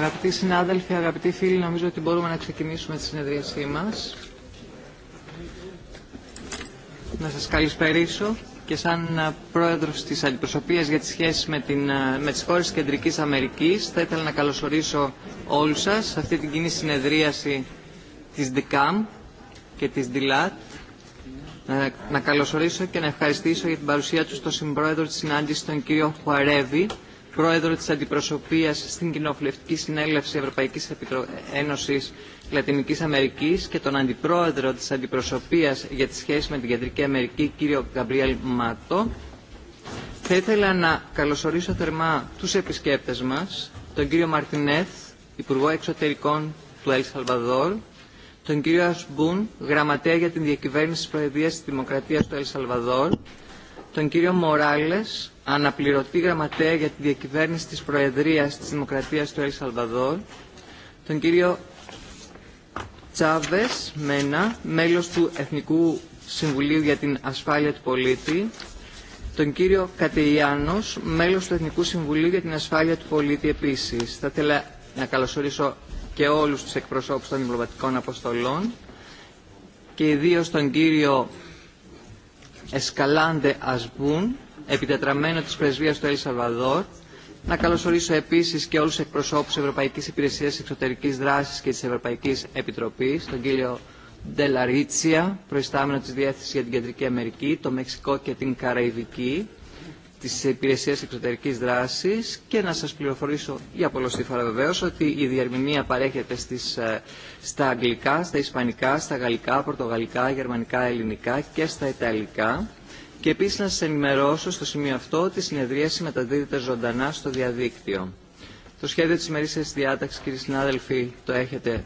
Αγαπητοί συνάδελφοι, αγαπητοί φίλοι, νομίζω ότι μπορούμε να ξεκινήσουμε τη συνεδρίασή μας. Να σας καλησπερίσω και σαν ε, πρόεδρος της Αντιπροσωπείας για τις σχέσεις με, την, ε, με τις χώρες Κεντρικής Αμερικής θα ήθελα να καλωσορίσω όλους σας σε αυτή την κοινή συνεδρίαση της ΔΚΑΜ και της ΔΙΛΑΤ να καλωσορίσω και να ευχαριστήσω για την παρουσία του στον συμπρόεδρο της συνάντησης, τον κύριο Χουαρέβη, πρόεδρο της αντιπροσωπείας στην Κοινοβουλευτική Συνέλευση Ευρωπαϊκής Ένωσης Λατινικής Αμερικής και τον αντιπρόεδρο της αντιπροσωπείας για τις σχέσεις με την Κεντρική Αμερική, κύριο Γκαμπριέλ Μάτο. Θα ήθελα να καλωσορίσω θερμά τους επισκέπτες μας, τον κύριο Μαρτινέθ, Υπουργό Εξωτερικών του Ελ Σαλβαδόρ, τον κύριο Ασμπούν, Γραμματέα για την Διακυβέρνηση της Προεδρίας της Δημοκρατίας του Ελ Σαλβαδόρ, τον κύριο Μοράλες, αναπληρωτή γραμματέα για τη διακυβέρνηση της Προεδρίας της Δημοκρατίας του Ελσαλβαδόρ, τον κύριο Τσάβες Μένα, μέλος του Εθνικού Συμβουλίου για την Ασφάλεια του Πολίτη, τον κύριο Κατεϊάνος, μέλος του Εθνικού Συμβουλίου για την Ασφάλεια του Πολίτη επίσης. Θα ήθελα να καλωσορίσω και όλους τους εκπροσώπους των διπλωματικών αποστολών και ιδίως τον κύριο Εσκαλάντε Ασμπούν, επιτετραμένο της Πρεσβείας του Ελσαλβαδόρ. Να καλωσορίσω επίσης και όλους τους εκπροσώπους Ευρωπαϊκής Υπηρεσίας Εξωτερικής Δράσης και της Ευρωπαϊκής Επιτροπής, τον κύριο Ντελαρίτσια, προϊστάμενο της Διεύθυνσης για την Κεντρική Αμερική, το Μεξικό και την Καραϊβική, της Υπηρεσίας Εξωτερικής Δράσης και να σας πληροφορήσω για πολλοστή φορά βεβαίως ότι η διερμηνία παρέχεται στις, ε, στα αγγλικά, στα ισπανικά, στα γαλλικά, πορτογαλικά, γερμανικά, ελληνικά και στα ιταλικά. Και επίση να σα ενημερώσω στο σημείο αυτό ότι η συνεδρίαση μεταδίδεται ζωντανά στο διαδίκτυο. Το σχέδιο της ημερήσια διάταξη, κύριοι συνάδελφοι, το έχετε,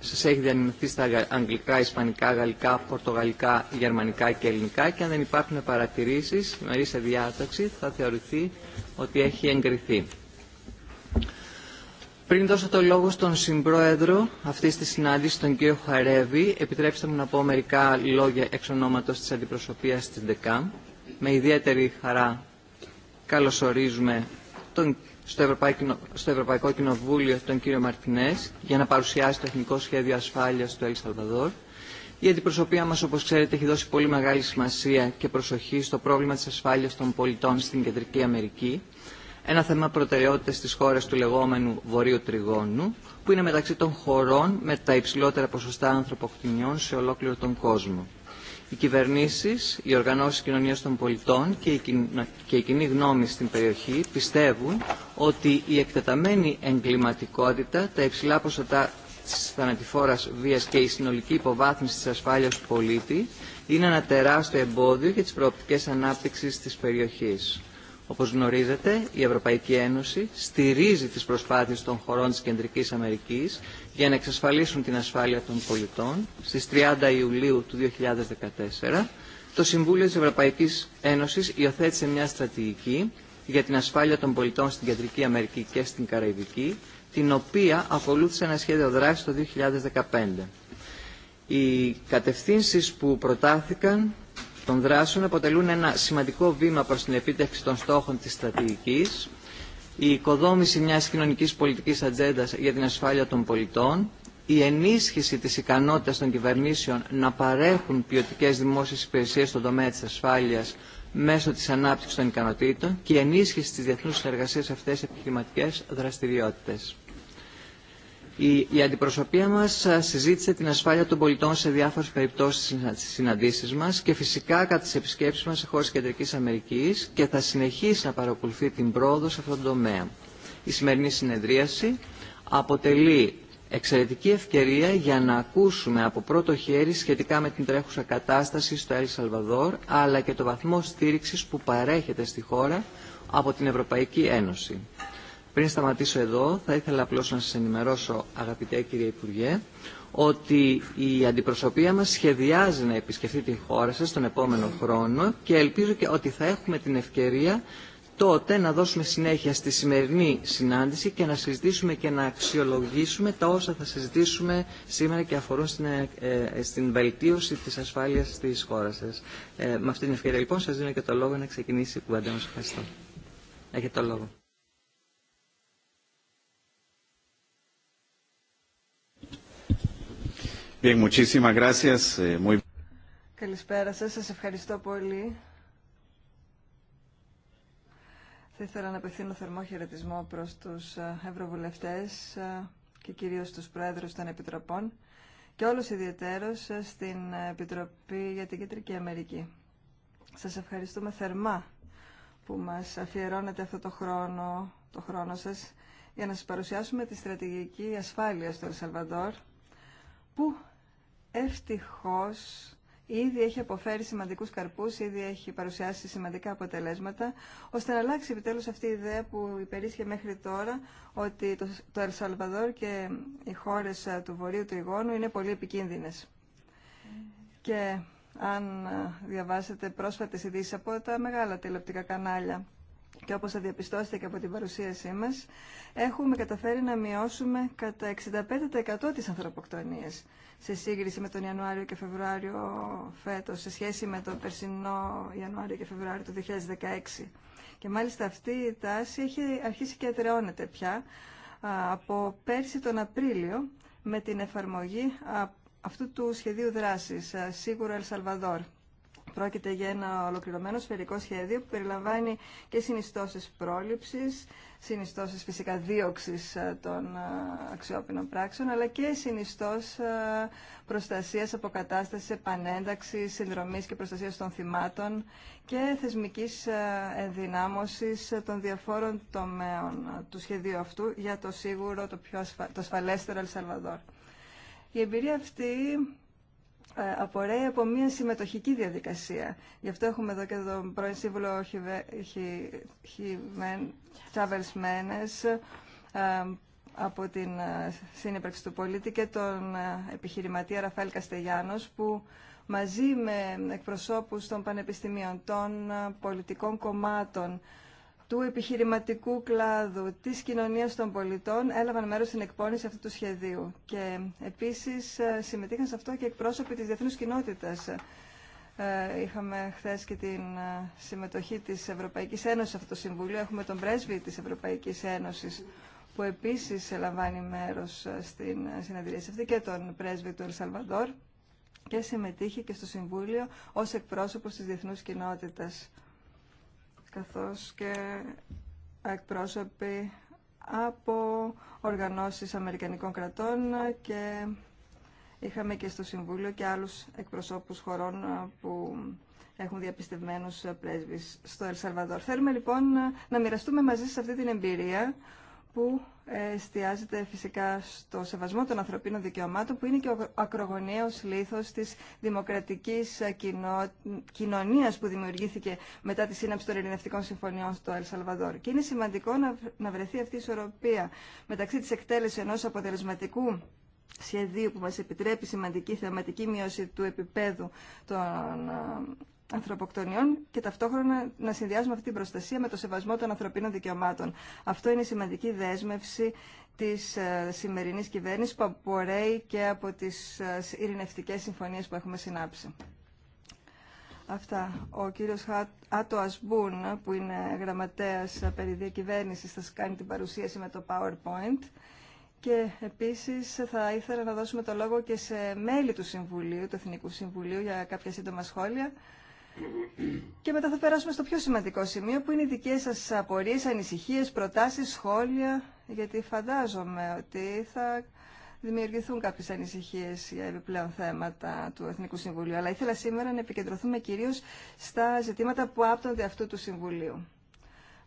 σας έχει διανυμηθεί στα αγγλικά, ισπανικά, γαλλικά, πορτογαλικά, γερμανικά και ελληνικά και αν δεν υπάρχουν παρατηρήσει, η ημερήσια διάταξη θα θεωρηθεί ότι έχει εγκριθεί. Πριν δώσω το λόγο στον συμπρόεδρο αυτή τη συνάντηση, τον κύριο Χαρέβη, επιτρέψτε μου να πω μερικά λόγια εξ ονόματο τη αντιπροσωπεία τη ΔΕΚΑΜ. Με ιδιαίτερη χαρά καλωσορίζουμε τον, στο, Ευρωπαϊκό, στο Ευρωπαϊκό Κοινοβούλιο τον κύριο Μαρτινέ για να παρουσιάσει το Εθνικό Σχέδιο Ασφάλεια του Ελ Σαλβαδόρ. Η αντιπροσωπεία μα, όπω ξέρετε, έχει δώσει πολύ μεγάλη σημασία και προσοχή στο πρόβλημα τη ασφάλεια των πολιτών στην Κεντρική Αμερική ένα θέμα προτεραιότητας της χώρας του λεγόμενου Βορείου Τριγώνου, που είναι μεταξύ των χωρών με τα υψηλότερα ποσοστά ανθρωποκτηνιών σε ολόκληρο τον κόσμο. Οι κυβερνήσεις, οι οργανώσεις κοινωνίας των πολιτών και η κοινή γνώμη στην περιοχή πιστεύουν ότι η εκτεταμένη εγκληματικότητα, τα υψηλά ποσοτά της θανατηφόρας βίας και η συνολική υποβάθμιση της ασφάλειας του πολίτη είναι ένα τεράστιο εμπόδιο για τις προοπτικές ανάπτυξης της περιοχής. Όπως γνωρίζετε, η Ευρωπαϊκή Ένωση στηρίζει τις προσπάθειες των χωρών της Κεντρικής Αμερικής για να εξασφαλίσουν την ασφάλεια των πολιτών. Στις 30 Ιουλίου του 2014, το Συμβούλιο της Ευρωπαϊκής Ένωσης υιοθέτησε μια στρατηγική για την ασφάλεια των πολιτών στην Κεντρική Αμερική και στην Καραϊβική, την οποία ακολούθησε ένα σχέδιο δράσης το 2015. Οι κατευθύνσεις που προτάθηκαν των δράσεων αποτελούν ένα σημαντικό βήμα προς την επίτευξη των στόχων της στρατηγικής, η οικοδόμηση μιας κοινωνικής πολιτικής ατζέντας για την ασφάλεια των πολιτών, η ενίσχυση της ικανότητας των κυβερνήσεων να παρέχουν ποιοτικέ δημόσιες υπηρεσίες στον τομέα της ασφάλειας μέσω της ανάπτυξης των ικανοτήτων και η ενίσχυση της διεθνούς συνεργασίας σε αυτές τις επιχειρηματικές δραστηριότητες. Η, η αντιπροσωπεία μας συζήτησε την ασφάλεια των πολιτών σε διάφορες περιπτώσεις στι συναντήσει μας και φυσικά κατά τι επισκέψει μας σε χώρε Κεντρική Αμερικής και θα συνεχίσει να παρακολουθεί την πρόοδο σε αυτόν τον τομέα. Η σημερινή συνεδρίαση αποτελεί εξαιρετική ευκαιρία για να ακούσουμε από πρώτο χέρι σχετικά με την τρέχουσα κατάσταση στο Ελ Σαλβαδόρ αλλά και το βαθμό στήριξη που παρέχεται στη χώρα από την Ευρωπαϊκή Ένωση. Πριν σταματήσω εδώ, θα ήθελα απλώς να σας ενημερώσω, αγαπητέ κύριε Υπουργέ, ότι η αντιπροσωπεία μας σχεδιάζει να επισκεφθεί τη χώρα σας τον επόμενο χρόνο και ελπίζω και ότι θα έχουμε την ευκαιρία τότε να δώσουμε συνέχεια στη σημερινή συνάντηση και να συζητήσουμε και να αξιολογήσουμε τα όσα θα συζητήσουμε σήμερα και αφορούν στην, ε, ε, στην βελτίωση της ασφάλειας της χώρας σας. Ε, με αυτή την ευκαιρία λοιπόν σας δίνω και το λόγο να ξεκινήσει η κουβέντα μας. Ευχαριστώ. Έχετε το λόγο. Bien, muchísimas gracias. Eh, muy... Καλησπέρα σας. Σας ευχαριστώ πολύ. Θα ήθελα να απευθύνω θερμό χαιρετισμό προς τους ε, ευρωβουλευτές ε, και κυρίως τους πρόεδρους των επιτροπών και όλους ιδιαιτέρως ε, στην Επιτροπή για την Κεντρική Αμερική. Σας ευχαριστούμε θερμά που μας αφιερώνετε αυτό το χρόνο, το χρόνο σας για να σας παρουσιάσουμε τη στρατηγική ασφάλεια στο Ελσαλβαντόρ που ευτυχώς ήδη έχει αποφέρει σημαντικούς καρπούς, ήδη έχει παρουσιάσει σημαντικά αποτελέσματα, ώστε να αλλάξει επιτέλους αυτή η ιδέα που υπερίσχε μέχρι τώρα, ότι το, το Ελσαλβαδόρ και οι χώρες ε, του Βορείου Τριγώνου είναι πολύ επικίνδυνες. Και αν ε, διαβάσετε πρόσφατες ειδήσει από τα μεγάλα τηλεοπτικά κανάλια, και όπως θα διαπιστώσετε και από την παρουσίασή μας, έχουμε καταφέρει να μειώσουμε κατά 65% τις ανθρωποκτονίες σε σύγκριση με τον Ιανουάριο και Φεβρουάριο φέτος, σε σχέση με τον περσινό Ιανουάριο και Φεβρουάριο του 2016. Και μάλιστα αυτή η τάση έχει αρχίσει και ατρεώνεται πια από πέρσι τον Απρίλιο με την εφαρμογή αυτού του σχεδίου δράσης Σίγουρο Ελσαλβαδόρ Πρόκειται για ένα ολοκληρωμένο σφαιρικό σχέδιο που περιλαμβάνει και συνιστώσει πρόληψη, συνιστώσει φυσικά δίωξη ε, των ε, αξιόπινων πράξεων, αλλά και συνιστός ε, προστασίας, αποκατάστασης, επανένταξης, συνδρομή και προστασίας των θυμάτων και θεσμικής ενδυνάμωσης των διαφόρων τομέων του σχεδίου αυτού για το σίγουρο, το πιο το ασφαλέστερο Ελσαλβαδόρ. Η εμπειρία αυτή ε, απορρέει από μια συμμετοχική διαδικασία. Γι' αυτό έχουμε εδώ και τον πρώην σύμβουλο Τσάβελς ε, από την ε, σύνυπαρξη του πολίτη και τον επιχειρηματία Ραφαέλ Καστεγιάνος που μαζί με εκπροσώπους των πανεπιστημίων, των πολιτικών κομμάτων, του επιχειρηματικού κλάδου, της κοινωνίας των πολιτών έλαβαν μέρος στην εκπόνηση αυτού του σχεδίου. Και επίσης ε, συμμετείχαν σε αυτό και εκπρόσωποι της διεθνούς κοινότητας. Ε, είχαμε χθε και την ε, συμμετοχή της Ευρωπαϊκής Ένωσης σε αυτό το Συμβούλιο. Έχουμε τον πρέσβη της Ευρωπαϊκής Ένωσης που επίσης λαμβάνει μέρος στην σε αυτή και τον πρέσβη του Ελσαλβαδόρ και συμμετείχε και στο Συμβούλιο ως εκπρόσωπος της διεθνούς κοινότητας καθώς και εκπρόσωποι από οργανώσεις Αμερικανικών κρατών και είχαμε και στο Συμβούλιο και άλλους εκπροσώπους χωρών που έχουν διαπιστευμένους πρέσβεις στο Ελσαρβαδόρ. Θέλουμε λοιπόν να μοιραστούμε μαζί σε αυτή την εμπειρία που εστιάζεται φυσικά στο σεβασμό των ανθρωπίνων δικαιωμάτων που είναι και ο ακρογωνιαίος λήθος της δημοκρατικής κοινο... κοινωνίας που δημιουργήθηκε μετά τη σύναψη των Ελληνευτικών συμφωνιών στο Ελσαλβαδόρ. Και είναι σημαντικό να βρεθεί αυτή η ισορροπία μεταξύ της εκτέλεσης ενός αποτελεσματικού σχεδίου που μας επιτρέπει σημαντική θεματική μείωση του επίπεδου των ανθρωποκτονιών και ταυτόχρονα να συνδυάζουμε αυτή την προστασία με το σεβασμό των ανθρωπίνων δικαιωμάτων. Αυτό είναι η σημαντική δέσμευση της ε, σημερινή κυβέρνηση που απορρέει και από τις ε, ειρηνευτικέ συμφωνίε που έχουμε συνάψει. Αυτά. Ο κύριος Άτο Ασμπούν, που είναι γραμματέας ε, περί διακυβέρνησης θα κάνει την παρουσίαση με το PowerPoint. Και επίσης θα ήθελα να δώσουμε το λόγο και σε μέλη του Συμβουλίου, του Εθνικού Συμβουλίου, για κάποια σύντομα σχόλια. Και μετά θα περάσουμε στο πιο σημαντικό σημείο που είναι οι δικές σας απορίες, ανησυχίες, προτάσεις, σχόλια, γιατί φαντάζομαι ότι θα δημιουργηθούν κάποιες ανησυχίες για επιπλέον θέματα του Εθνικού Συμβουλίου. Αλλά ήθελα σήμερα να επικεντρωθούμε κυρίως στα ζητήματα που άπτονται αυτού του Συμβουλίου.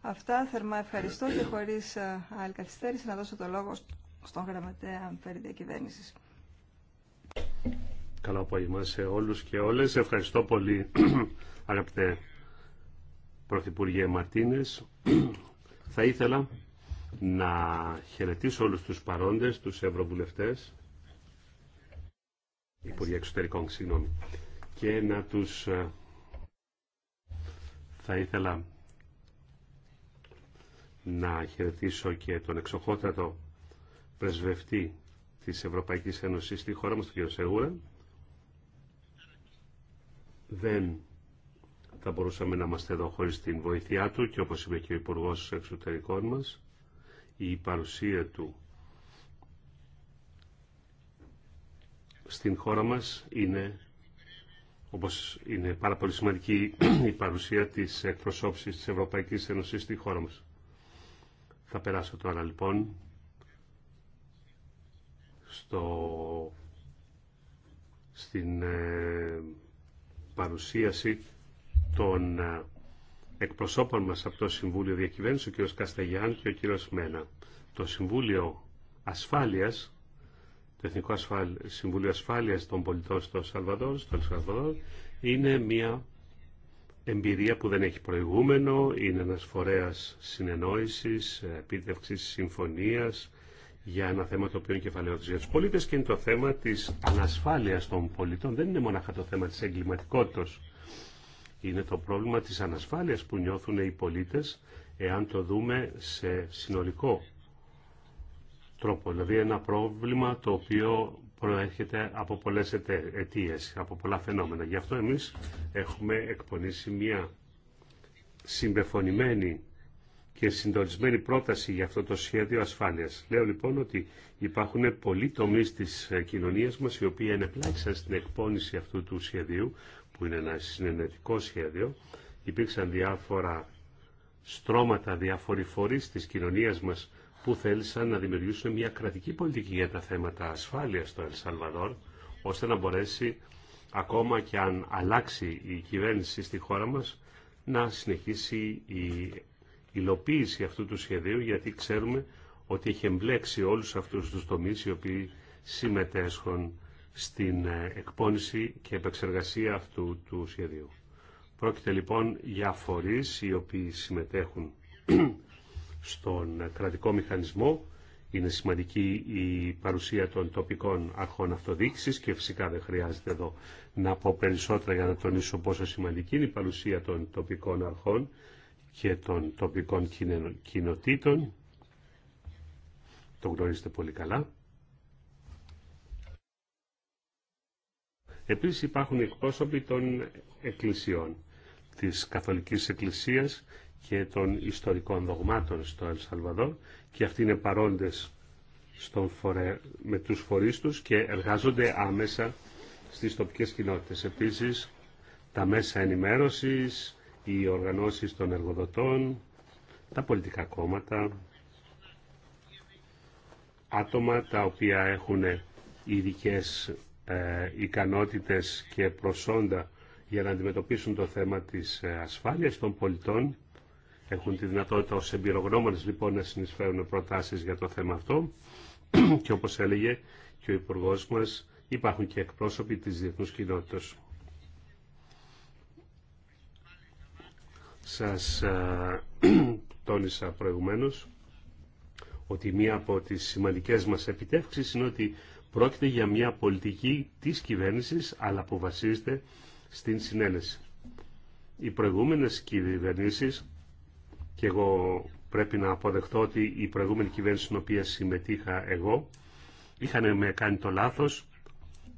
Αυτά θερμά ευχαριστώ και χωρίς ε, άλλη καθυστέρηση να δώσω το λόγο στον γραμματέα περί διακυβέρνησης. Καλό απόγευμα σε όλους και όλες. Ευχαριστώ πολύ αγαπητέ Πρωθυπουργέ Μαρτίνες. Θα ήθελα να χαιρετήσω όλους τους παρόντες, τους ευρωβουλευτές, Υπουργέ Εξωτερικών, συγγνώμη, και να τους ε, θα ήθελα να χαιρετήσω και τον εξοχότατο πρεσβευτή της Ευρωπαϊκής Ένωσης στη χώρα μας, τον κ. Σεγούρα, δεν θα μπορούσαμε να είμαστε εδώ χωρίς την βοήθειά του και όπως είπε και ο υπουργό Εξωτερικών μας, η παρουσία του στην χώρα μας είναι, όπως είναι πάρα πολύ σημαντική η παρουσία της εκπροσώψης της Ευρωπαϊκής Ένωσης στη χώρα μας. Θα περάσω τώρα λοιπόν στο, στην ε, παρουσίαση των ε, εκπροσώπων μας από το Συμβούλιο Διακυβέρνηση, ο κ. Κασταγιάν και ο κ. Μένα. Το Συμβούλιο Ασφάλειας, το Εθνικό Συμβούλιο Ασφάλειας των Πολιτών στο Σαλβαδόρ, στον Σαλβαδόρ, είναι μια εμπειρία που δεν έχει προηγούμενο, είναι ένας φορέας συνεννόησης, επίτευξης συμφωνίας, για ένα θέμα το οποίο είναι κεφαλαίο για τους πολίτες και είναι το θέμα της ανασφάλειας των πολιτών. Δεν είναι μόνο το θέμα της εγκληματικότητας. Είναι το πρόβλημα της ανασφάλειας που νιώθουν οι πολίτες εάν το δούμε σε συνολικό τρόπο. Δηλαδή ένα πρόβλημα το οποίο προέρχεται από πολλές αιτίες, από πολλά φαινόμενα. Γι' αυτό εμείς έχουμε εκπονήσει μια συμπεφωνημένη και συντονισμένη πρόταση για αυτό το σχέδιο ασφάλειας. Λέω λοιπόν ότι υπάρχουν πολλοί τομείς τη ε, κοινωνία μας οι οποίοι ενεπλάξαν στην εκπόνηση αυτού του σχεδίου που είναι ένα συνενετικό σχέδιο. Υπήρξαν διάφορα στρώματα, διάφοροι φορεί της κοινωνίας μας που θέλησαν να δημιουργήσουν μια κρατική πολιτική για τα θέματα ασφάλεια στο Ελσαλβαδόρ, ώστε να μπορέσει ακόμα και αν αλλάξει η κυβέρνηση στη χώρα μας, να συνεχίσει η υλοποίηση αυτού του σχεδίου γιατί ξέρουμε ότι έχει εμπλέξει όλους αυτούς τους τομείς οι οποίοι συμμετέσχουν στην ε, εκπόνηση και επεξεργασία αυτού του σχεδίου. Πρόκειται λοιπόν για φορείς οι οποίοι συμμετέχουν στον κρατικό μηχανισμό. Είναι σημαντική η παρουσία των τοπικών αρχών αυτοδίκησης και φυσικά δεν χρειάζεται εδώ να πω περισσότερα για να τονίσω πόσο σημαντική είναι η παρουσία των τοπικών αρχών και των τοπικών κοινοτήτων. Το γνωρίζετε πολύ καλά. Επίσης υπάρχουν εκπρόσωποι των εκκλησιών, της Καθολικής Εκκλησίας και των ιστορικών δογμάτων στο Ελσαλβαδόρ και αυτοί είναι παρόντες στον με τους φορείς τους και εργάζονται άμεσα στις τοπικές κοινότητες. Επίσης, τα μέσα ενημέρωσης, οι οργανώσεις των εργοδοτών, τα πολιτικά κόμματα, άτομα τα οποία έχουν ειδικέ ε, ικανότητες και προσόντα για να αντιμετωπίσουν το θέμα της ε, ασφάλειας των πολιτών. Έχουν τη δυνατότητα ως εμπειρογνώμονες λοιπόν να συνεισφέρουν προτάσεις για το θέμα αυτό και όπως έλεγε και ο υπουργό μας υπάρχουν και εκπρόσωποι της διεθνούς κοινότητας. Σας τόνισα προηγουμένως ότι μία από τις σημαντικές μας επιτεύξεις είναι ότι πρόκειται για μια πολιτική της κυβέρνησης αλλά που βασίζεται στην συνένεση. Οι προηγούμενες κυβερνήσεις και εγώ πρέπει να αποδεχτώ ότι η προηγούμενη κυβέρνηση στην οποία συμμετείχα εγώ είχαν με κάνει το λάθος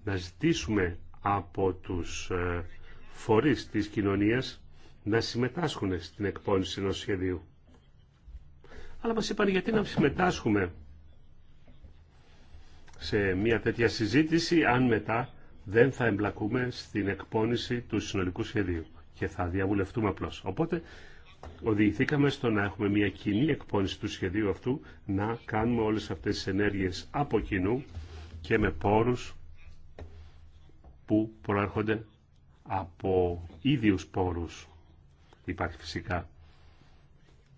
να ζητήσουμε από τους ε, φορείς της κοινωνίας να συμμετάσχουν στην εκπόνηση ενός σχεδίου. Αλλά μας είπαν γιατί να συμμετάσχουμε σε μια τέτοια συζήτηση αν μετά δεν θα εμπλακούμε στην εκπόνηση του συνολικού σχεδίου και θα διαβουλευτούμε απλώς. Οπότε οδηγηθήκαμε στο να έχουμε μια κοινή εκπόνηση του σχεδίου αυτού, να κάνουμε όλες αυτές τις ενέργειες από κοινού και με πόρους που προέρχονται από ίδιους πόρους. Υπάρχει φυσικά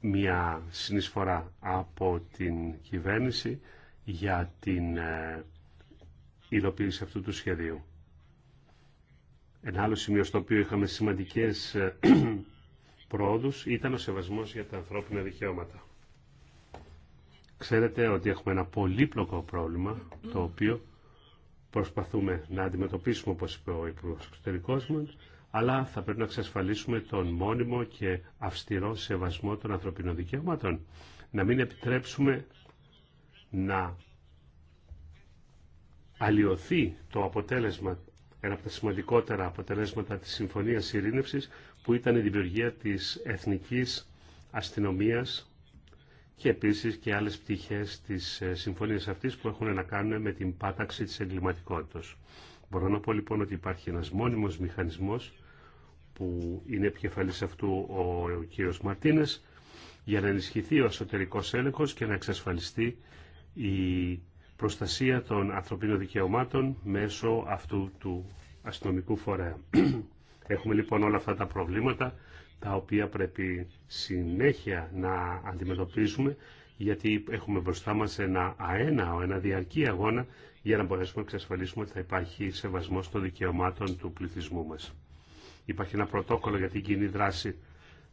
μια συνεισφορά από την κυβέρνηση για την ε, υλοποίηση αυτού του σχεδίου. Ένα άλλο σημείο στο οποίο είχαμε σημαντικές ε, πρόοδους ήταν ο σεβασμός για τα ανθρώπινα δικαιώματα. Ξέρετε ότι έχουμε ένα πολύπλοκο πρόβλημα το οποίο προσπαθούμε να αντιμετωπίσουμε όπως είπε ο Υπουργός εξωτερικός μας αλλά θα πρέπει να εξασφαλίσουμε τον μόνιμο και αυστηρό σεβασμό των ανθρωπίνων δικαιωμάτων. Να μην επιτρέψουμε να αλλοιωθεί το αποτέλεσμα, ένα από τα σημαντικότερα αποτελέσματα της Συμφωνίας Ειρήνευσης, που ήταν η δημιουργία της Εθνικής Αστυνομίας και επίσης και άλλες πτυχές της ε, συμφωνίας αυτής που έχουν να κάνουν με την πάταξη της εγκληματικότητας. Μπορώ να πω λοιπόν ότι υπάρχει ένας μόνιμος μηχανισμός που είναι επικεφαλής αυτού ο, ο κύριος Μαρτίνες για να ενισχυθεί ο εσωτερικός έλεγχος και να εξασφαλιστεί η προστασία των ανθρωπίνων δικαιωμάτων μέσω αυτού του αστυνομικού φορέα. Έχουμε λοιπόν όλα αυτά τα προβλήματα τα οποία πρέπει συνέχεια να αντιμετωπίσουμε γιατί έχουμε μπροστά μας ένα αένα, ένα διαρκή αγώνα για να μπορέσουμε να εξασφαλίσουμε ότι θα υπάρχει σεβασμός των δικαιωμάτων του πληθυσμού μας. Υπάρχει ένα πρωτόκολλο για την κοινή δράση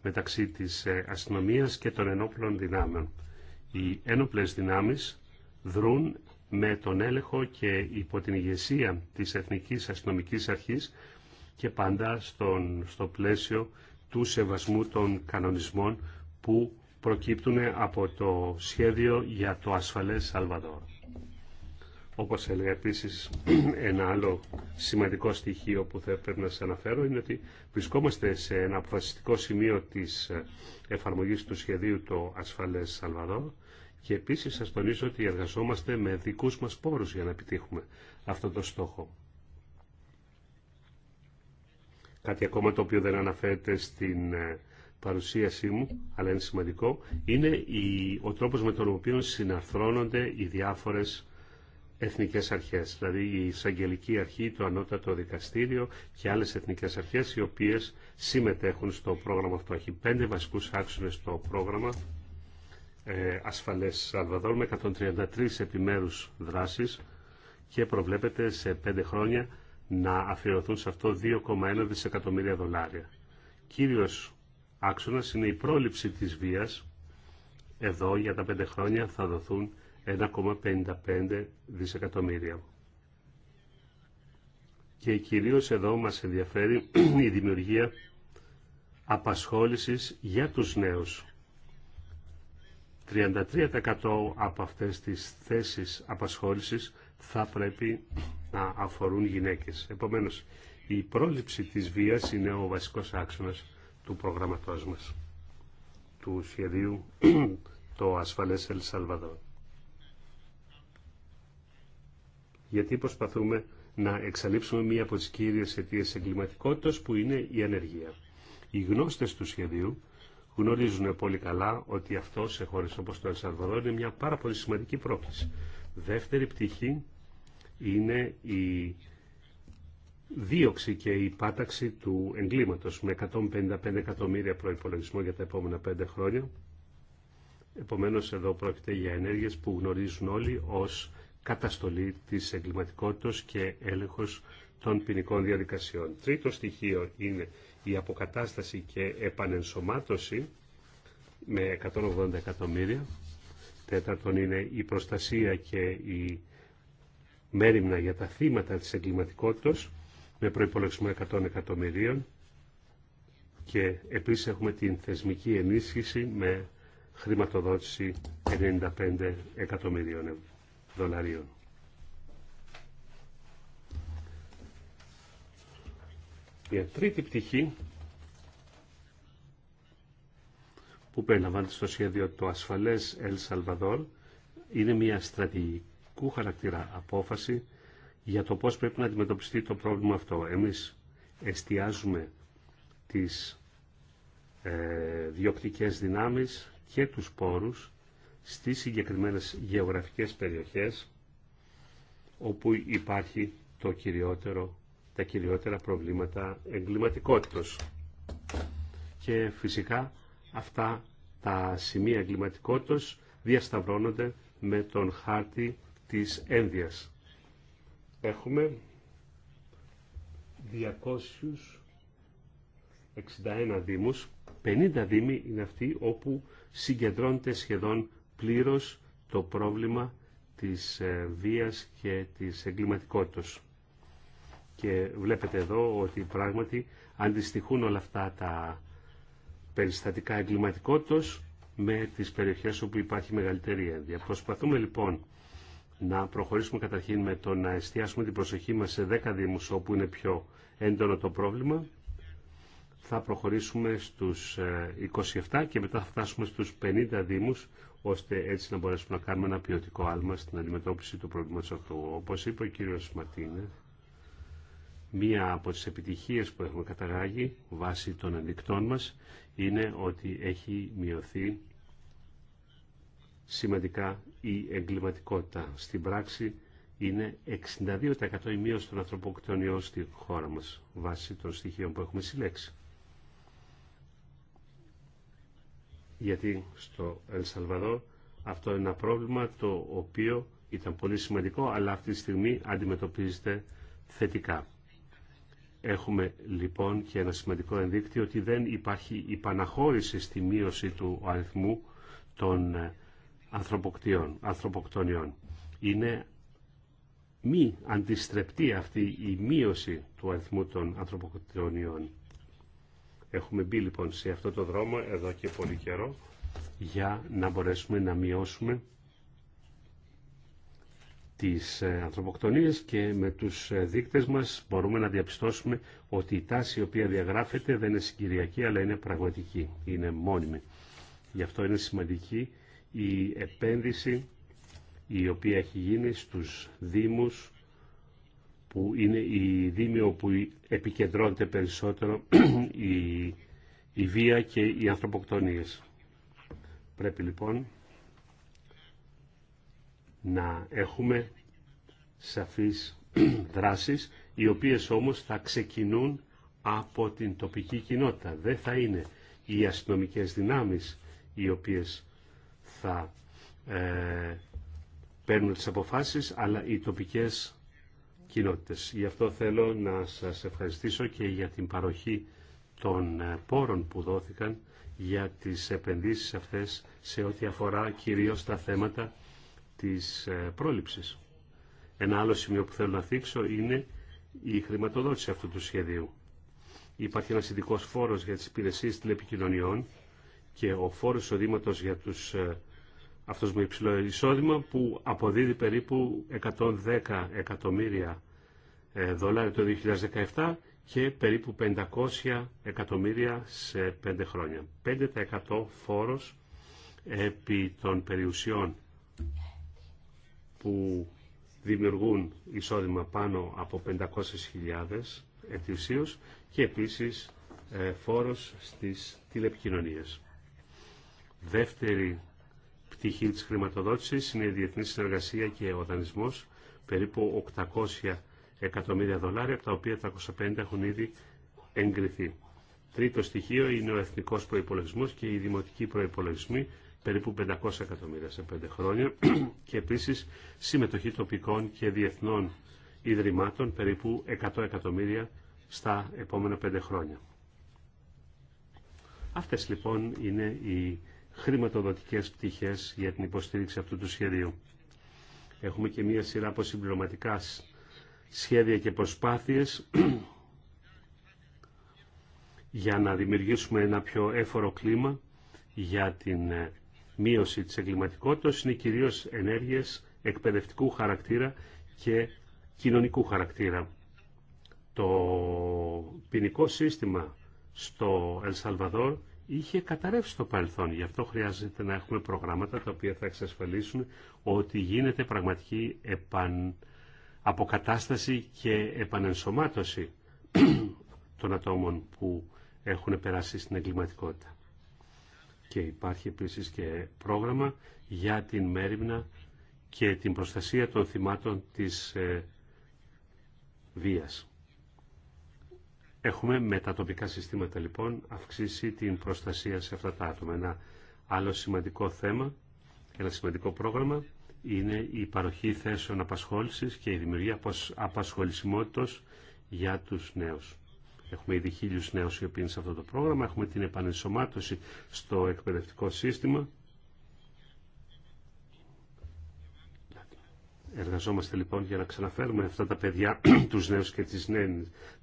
μεταξύ της ε, αστυνομίας και των ενόπλων δυνάμεων. Οι ένοπλες δυνάμεις δρούν με τον έλεγχο και υπό την ηγεσία της Εθνικής Αστυνομικής Αρχής και πάντα στον, στο πλαίσιο του σεβασμού των κανονισμών που προκύπτουν από το σχέδιο για το ασφαλές Σαλβαδόρο. Όπως έλεγα επίσης, ένα άλλο σημαντικό στοιχείο που θα πρέπει να σας αναφέρω είναι ότι βρισκόμαστε σε ένα αποφασιστικό σημείο της ε, εφαρμογής του σχεδίου το Ασφαλές Σαλβαδόρ και επίσης σας τονίζω ότι εργαζόμαστε με δικούς μας πόρους για να επιτύχουμε αυτό το στόχο. Κάτι ακόμα το οποίο δεν αναφέρεται στην ε, παρουσίασή μου, αλλά είναι σημαντικό, είναι ο τρόπος με τον οποίο συναρθρώνονται οι διάφορες εθνικές αρχές, δηλαδή η εισαγγελική αρχή, το ανώτατο δικαστήριο και άλλες εθνικές αρχές οι οποίες συμμετέχουν στο πρόγραμμα αυτό. Έχει πέντε βασικούς άξονες στο πρόγραμμα ε, ασφαλές Σαλβαδόρ με 133 επιμέρους δράσεις και προβλέπεται σε πέντε χρόνια να αφιερωθούν σε αυτό 2,1 δισεκατομμύρια δολάρια. Κύριος άξονας είναι η πρόληψη της βίας. Εδώ για τα πέντε χρόνια θα δοθούν 1,55 δισεκατομμύρια. Και κυρίως εδώ μας ενδιαφέρει η δημιουργία απασχόλησης για τους νέους. 33% από αυτές τις θέσεις απασχόλησης θα πρέπει να αφορούν γυναίκες. Επομένως, η πρόληψη της βίας είναι ο βασικός άξονας του προγραμματός μας, του σχεδίου το Ασφαλές Ελσαλβαδόν. γιατί προσπαθούμε να εξαλείψουμε μία από τις κύριες αιτίες εγκληματικότητας που είναι η ανεργία. Οι γνώστες του σχεδίου γνωρίζουν πολύ καλά ότι αυτό σε χώρες όπως το Ελσαλβαδό είναι μια πάρα πολύ σημαντική πρόκληση. Δεύτερη πτυχή είναι η ανεργια οι γνωστες του σχεδιου γνωριζουν πολυ καλα οτι αυτο σε χωρες οπως το ελσαρβαδο ειναι μια παρα πολυ σημαντικη προκληση δευτερη πτυχη ειναι η διωξη και η πάταξη του εγκλήματος με 155 εκατομμύρια προϋπολογισμό για τα επόμενα πέντε χρόνια. Επομένως εδώ πρόκειται για ενέργειες που γνωρίζουν όλοι ως καταστολή της εγκληματικότητας και έλεγχος των ποινικών διαδικασιών. Τρίτο στοιχείο είναι η αποκατάσταση και επανενσωμάτωση με 180 εκατομμύρια. Τέταρτον είναι η προστασία και η μέρημνα για τα θύματα της εγκληματικότητας με προϋπολογισμό 100 εκατομμυρίων και επίσης έχουμε την θεσμική ενίσχυση με χρηματοδότηση 95 εκατομμυρίων ευρώ δολαρίων. Η τρίτη πτυχή που περιλαμβάνεται στο σχέδιο το ασφαλές El Salvador είναι μια στρατηγικού χαρακτήρα απόφαση για το πώς πρέπει να αντιμετωπιστεί το πρόβλημα αυτό. Εμείς εστιάζουμε τις ε, διοκτικές δυνάμεις και τους πόρους στις συγκεκριμένες γεωγραφικές περιοχές όπου υπάρχει το κυριότερο, τα κυριότερα προβλήματα εγκληματικότητος. Και φυσικά αυτά τα σημεία εγκληματικότητος διασταυρώνονται με τον χάρτη της ένδυας. Έχουμε 261 δήμους, 50 δήμοι είναι αυτοί όπου συγκεντρώνεται σχεδόν πλήρως το πρόβλημα της ε, βίας και της εγκληματικότητας. Και βλέπετε εδώ ότι πράγματι αντιστοιχούν όλα αυτά τα περιστατικά εγκληματικότητας με τις περιοχές όπου υπάρχει μεγαλύτερη ένδια. Προσπαθούμε λοιπόν να προχωρήσουμε καταρχήν με το να εστιάσουμε την προσοχή μας σε δέκα δήμους όπου είναι πιο έντονο το πρόβλημα θα προχωρήσουμε στους 27 ε, και μετά θα φτάσουμε στους 50 δήμους ώστε έτσι να μπορέσουμε να κάνουμε ένα ποιοτικό άλμα στην αντιμετώπιση του προβλήματος αυτού. Όπως είπε ο κύριος Μαρτίνε, μία από τις επιτυχίες που έχουμε καταγάγει βάσει των ενδεικτών μας είναι ότι έχει μειωθεί σημαντικά η εγκληματικότητα. Στην πράξη είναι 62% η μείωση των ανθρωποκτονιών στη χώρα μας βάσει των στοιχείων που έχουμε συλλέξει. γιατί στο Ελσαλβαδόρ αυτό είναι ένα πρόβλημα το οποίο ήταν πολύ σημαντικό, αλλά αυτή τη στιγμή αντιμετωπίζεται θετικά. Έχουμε λοιπόν και ένα σημαντικό ενδείκτη ότι δεν υπάρχει υπαναχώρηση στη μείωση του αριθμού των ε, ανθρωποκτονιών. Είναι μη αντιστρεπτή αυτή η μείωση του αριθμού των ανθρωποκτονιών. Έχουμε μπει λοιπόν σε αυτό το δρόμο εδώ και πολύ καιρό για να μπορέσουμε να μειώσουμε τις ε, ανθρωποκτονίες και με τους ε, δείκτες μας μπορούμε να διαπιστώσουμε ότι η τάση η οποία διαγράφεται δεν είναι συγκυριακή αλλά είναι πραγματική, είναι μόνιμη. Γι' αυτό είναι σημαντική η επένδυση η οποία έχει γίνει στους Δήμους, που είναι η δήμη όπου επικεντρώνεται περισσότερο η, η βία και οι ανθρωποκτονίες. Πρέπει λοιπόν να έχουμε σαφείς δράσεις, οι οποίες όμως θα ξεκινούν από την τοπική κοινότητα. Δεν θα είναι οι αστυνομικές δυνάμεις οι οποίες θα ε, παίρνουν τις αποφάσεις, αλλά οι τοπικές κοινότητες. Γι' αυτό θέλω να σας ευχαριστήσω και για την παροχή των ε, πόρων που δόθηκαν για τις επενδύσεις αυτές σε ό,τι αφορά κυρίως τα θέματα της ε, πρόληψης. Ένα άλλο σημείο που θέλω να θίξω είναι η χρηματοδότηση αυτού του σχεδίου. Υπάρχει ένας ειδικό φόρος για τις υπηρεσίες τηλεπικοινωνιών και ο φόρος εισοδήματος για τους ε, αυτός με υψηλό εισόδημα που αποδίδει περίπου 110 εκατομμύρια ε, δολάρια το 2017 και περίπου 500 εκατομμύρια σε 5 χρόνια. 5% φόρος επί των περιουσιών που δημιουργούν εισόδημα πάνω από 500.000 ετησίως και επίσης ε, φόρος στις τηλεπικοινωνίες. Δεύτερη πτυχή της χρηματοδότησης είναι η διεθνή συνεργασία και ο δανεισμός, περίπου 800 εκατομμύρια δολάρια, από τα οποία τα 25 έχουν ήδη εγκριθεί. Τρίτο στοιχείο είναι ο εθνικός προϋπολογισμός και οι δημοτικοί προϋπολογισμοί, περίπου 500 εκατομμύρια σε 5 χρόνια και επίσης συμμετοχή τοπικών και διεθνών ιδρυμάτων, περίπου 100 εκατομμύρια στα επόμενα 5 χρόνια. Αυτές λοιπόν είναι οι χρηματοδοτικές πτυχές για την υποστήριξη αυτού του σχεδίου. Έχουμε και μία σειρά από συμπληρωματικά σχέδια και προσπάθειες για να δημιουργήσουμε ένα πιο έφορο κλίμα για την ε, μείωση της εγκληματικότητας είναι κυρίως ενέργειες εκπαιδευτικού χαρακτήρα και κοινωνικού χαρακτήρα. Το ποινικό σύστημα στο Ελσαλβαδόρ είχε καταρρεύσει το παρελθόν. Γι' αυτό χρειάζεται να έχουμε προγράμματα τα οποία θα εξασφαλίσουν ότι γίνεται πραγματική αποκατάσταση και επανενσωμάτωση των ατόμων που έχουν περάσει στην εγκληματικότητα. Και υπάρχει επίσης και πρόγραμμα για την μέρημνα και την προστασία των θυμάτων της ε, βίας. Έχουμε με τα τοπικά συστήματα λοιπόν αυξήσει την προστασία σε αυτά τα άτομα. Ένα άλλο σημαντικό θέμα, ένα σημαντικό πρόγραμμα είναι η παροχή θέσεων απασχόλησης και η δημιουργία απασχολησιμότητας για τους νέους. Έχουμε ήδη χίλιους νέους οι οποίοι είναι σε αυτό το πρόγραμμα. Έχουμε την επανενσωμάτωση στο εκπαιδευτικό σύστημα Εργαζόμαστε λοιπόν για να ξαναφέρουμε αυτά τα παιδιά, τους νέους και τις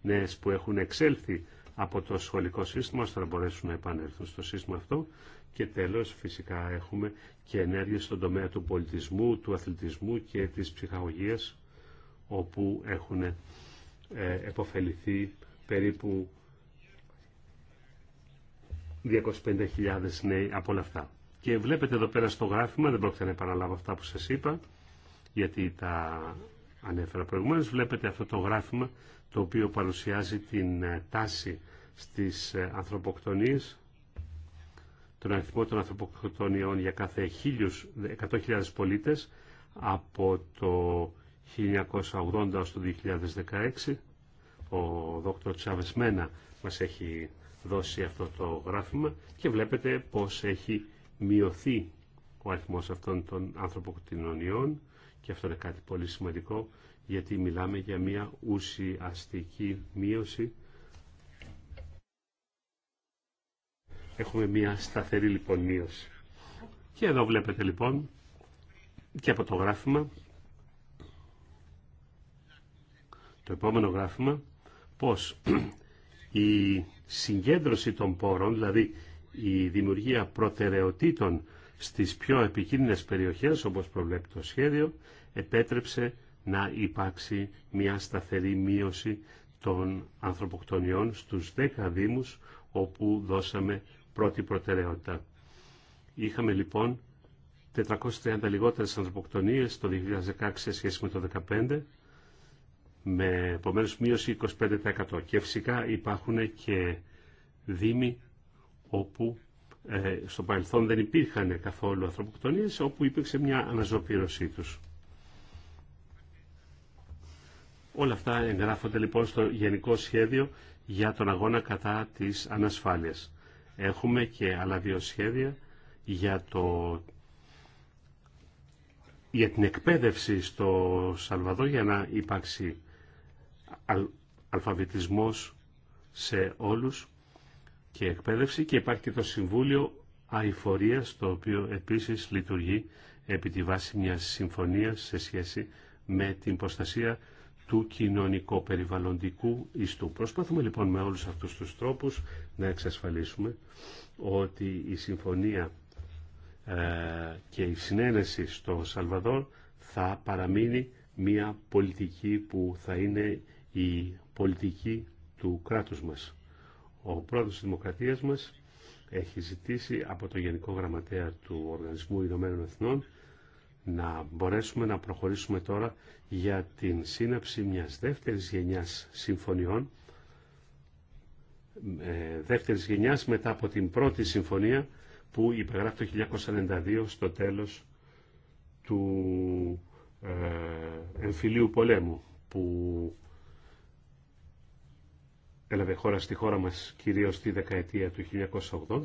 νέες που έχουν εξέλθει από το σχολικό σύστημα, ώστε να μπορέσουν να επανέλθουν στο σύστημα αυτό. Και τέλος φυσικά έχουμε και ενέργειες στον τομέα του πολιτισμού, του αθλητισμού και της ψυχαγωγίας, όπου έχουν ε, επωφεληθεί περίπου 250.000 νέοι από όλα αυτά. Και βλέπετε εδώ πέρα στο γράφημα, δεν πρόκειται να επαναλάβω αυτά που σας είπα, γιατί τα ανέφερα προηγουμένως. Βλέπετε αυτό το γράφημα το οποίο παρουσιάζει την ε, τάση στις ε, ανθρωποκτονίες, τον αριθμό των ανθρωποκτονιών για κάθε 100.000 πολίτες από το 1980 ως το 2016. Ο δόκτωρ Τσάβεσμενα Μένα μας έχει δώσει αυτό το γράφημα και βλέπετε πως έχει μειωθεί ο αριθμός αυτών των ανθρωποκτηνωνιών και αυτό είναι κάτι πολύ σημαντικό γιατί μιλάμε για μια ουσιαστική μείωση. Έχουμε μια σταθερή λοιπόν μείωση. Και εδώ βλέπετε λοιπόν και από το γράφημα το επόμενο γράφημα πως η συγκέντρωση των πόρων, δηλαδή η δημιουργία προτεραιοτήτων στις πιο επικίνδυνες περιοχές όπως προβλέπει το σχέδιο επέτρεψε να υπάρξει μια σταθερή μείωση των ανθρωποκτονιών στους 10 δήμους όπου δώσαμε πρώτη προτεραιότητα. Είχαμε λοιπόν 430 λιγότερες ανθρωποκτονίες το 2016 σε σχέση με το 2015 με επομένω μείωση 25%. Και φυσικά υπάρχουν και δήμοι όπου ε, στο παρελθόν δεν υπήρχαν καθόλου ανθρωποκτονίες, όπου υπήρξε μια αναζωοπήρωσή τους. Όλα αυτά εγγράφονται λοιπόν στο γενικό σχέδιο για τον αγώνα κατά της ανασφάλειας. Έχουμε και άλλα δύο σχέδια για, το... για την εκπαίδευση στο Σαλβαδό για να υπάρξει αλ... αλφαβητισμός σε όλους και εκπαίδευση και υπάρχει και το Συμβούλιο Αηφορίας το οποίο επίσης λειτουργεί επί τη βάση μιας συμφωνίας σε σχέση με την προστασία του κοινωνικού περιβαλλοντικου ιστού. Προσπαθούμε λοιπόν με όλους αυτούς τους τρόπους να εξασφαλίσουμε ότι η συμφωνία ε, και η συνένεση στο Σαλβαδόρ θα παραμείνει μια πολιτική που θα είναι η πολιτική του κράτους μας. Ο πρόεδρος της Δημοκρατίας μας έχει ζητήσει από το Γενικό Γραμματέα του Οργανισμού Ηνωμένων Εθνών να μπορέσουμε να προχωρήσουμε τώρα για την σύναψη μιας δεύτερης γενιάς συμφωνιών, ε, δεύτερης γενιάς μετά από την πρώτη συμφωνία που υπεγράφει το 1992 στο τέλος του ε, εμφυλίου πολέμου που έλαβε χώρα στη χώρα μας κυρίως τη δεκαετία του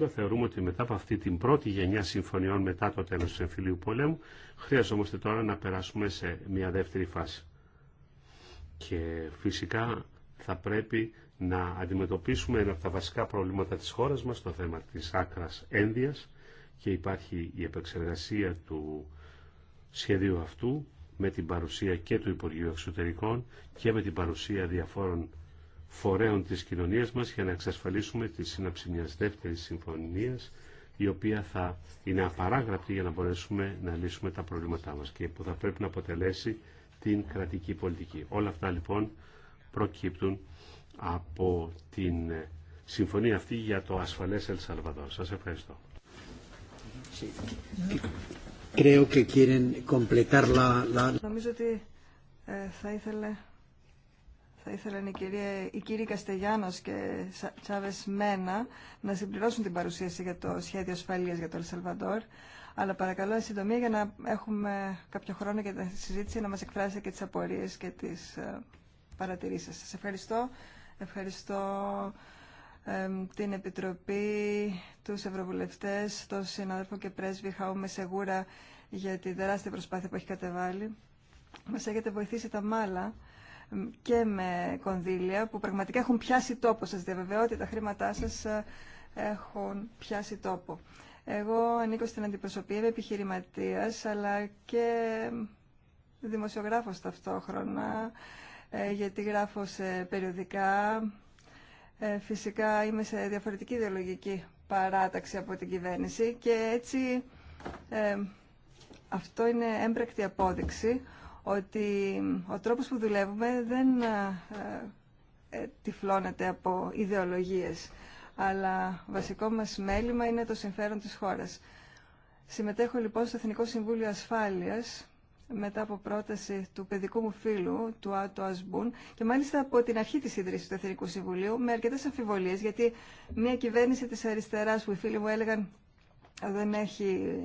1980, θεωρούμε ότι μετά από αυτή την πρώτη γενιά συμφωνιών μετά το τέλος του εμφυλίου πολέμου, χρειαζόμαστε τώρα να περάσουμε σε μια δεύτερη φάση. Και φυσικά θα πρέπει να αντιμετωπίσουμε ένα από τα βασικά προβλήματα της χώρας μας, το θέμα της άκρας ένδυας και υπάρχει η επεξεργασία του σχεδίου αυτού με την παρουσία και του Υπουργείου Εξωτερικών και με την παρουσία διαφόρων φορέων της κοινωνίας μας για να εξασφαλίσουμε τη σύναψη μιας δεύτερης συμφωνίας η οποία θα είναι απαράγραπτη για να μπορέσουμε να λύσουμε τα προβλήματά μας και που θα πρέπει να αποτελέσει την κρατική πολιτική. Όλα αυτά λοιπόν προκύπτουν από την συμφωνία αυτή για το ασφαλές Ελσαλβαδόρ. Σας ευχαριστώ. Νομίζω ότι ε, θα ήθελε θα ήθελαν οι, κυρία, η κύριοι Καστεγιάνος και Τσάβες Μένα να συμπληρώσουν την παρουσίαση για το σχέδιο ασφαλείας για το Ελσαλβαντόρ. Αλλά παρακαλώ εν συντομία για να έχουμε κάποιο χρόνο για τη συζήτηση να μας εκφράσετε και τις απορίες και τις ε, παρατηρήσεις σας. ευχαριστώ. Ευχαριστώ την Επιτροπή, τους Ευρωβουλευτές, τον συνάδελφο και πρέσβη Χαούμε Σεγούρα για τη δεράστια προσπάθεια που έχει κατεβάλει. Μας έχετε βοηθήσει τα μάλα και με κονδύλια που πραγματικά έχουν πιάσει τόπο. Σας διαβεβαιώ ότι τα χρήματά σας ε, έχουν πιάσει τόπο. Εγώ ανήκω στην αντιπροσωπεία, επιχειρηματίας, αλλά και δημοσιογράφος ταυτόχρονα, ε, γιατί γράφω σε περιοδικά. Ε, φυσικά είμαι σε διαφορετική ιδεολογική παράταξη από την κυβέρνηση και έτσι αυτό είναι έμπρακτη απόδειξη ότι ο τρόπος που δουλεύουμε δεν ε, ε, τυφλώνεται από ιδεολογίες, αλλά βασικό μας μέλημα είναι το συμφέρον της χώρας. Συμμετέχω λοιπόν στο Εθνικό Συμβούλιο Ασφάλειας μετά από πρόταση του παιδικού μου φίλου, του Άτο Ασμπούν, και μάλιστα από την αρχή τη ίδρυση του Εθνικού Συμβουλίου, με αρκετέ αμφιβολίε, γιατί μια κυβέρνηση τη αριστερά που οι φίλοι μου έλεγαν δεν έχει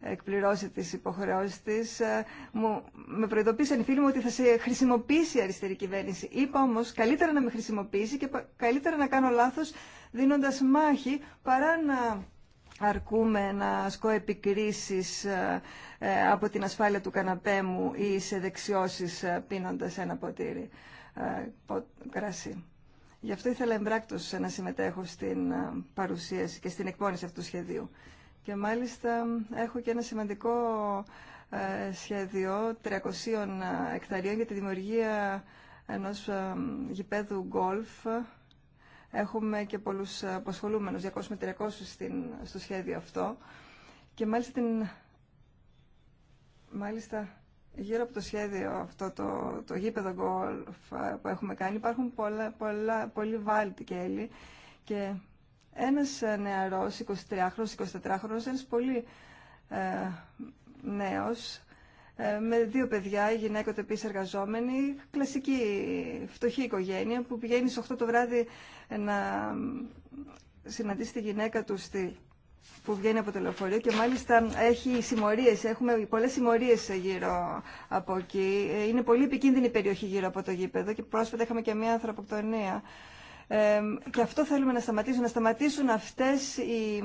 εκπληρώσει τις υποχρεώσεις της. Ε, μου, με προειδοποίησαν οι φίλοι μου ότι θα σε χρησιμοποιήσει η αριστερή κυβέρνηση. Είπα όμως καλύτερα να με χρησιμοποιήσει και καλύτερα να κάνω λάθος δίνοντας μάχη παρά να αρκούμε να ασκώ επικρίσεις ε, ε, από την ασφάλεια του καναπέ μου ή σε δεξιώσεις πίνοντας ένα ποτήρι κρασί. Γι' αυτό ήθελα εμπράκτως να συμμετέχω στην παρουσίαση και στην εκπόνηση αυτού του σχεδίου. Και μάλιστα έχω και ένα σημαντικό ε, σχέδιο 300 ε, εκταρίων για τη δημιουργία ενός ε, γηπέδου γκολφ. Έχουμε και πολλούς αποσχολούμενους 200 με 300 στο σχέδιο αυτό. Και μάλιστα, την... μάλιστα γύρω από το σχέδιο αυτό, το, γήπεδο γκολφ που έχουμε κάνει, υπάρχουν πολλά, πολλά, πολλοί βάλτοι και και ένας ε, νεαρός, 23χρονος, 24χρονος, ένας πολύ ε, νέος, ε, με δύο παιδιά, η γυναίκα του επίση εργαζόμενη, κλασική φτωχή οικογένεια που πηγαίνει στις 8 το βράδυ ε, να συναντήσει τη γυναίκα του στη, που βγαίνει από το λεωφορείο και μάλιστα έχει συμμορίες, έχουμε πολλές συμμορίες γύρω από εκεί. Είναι πολύ επικίνδυνη η περιοχή γύρω από το γήπεδο και πρόσφατα είχαμε και μια ανθρωποκτονία και αυτό θέλουμε να σταματήσουν, να σταματήσουν αυτές οι,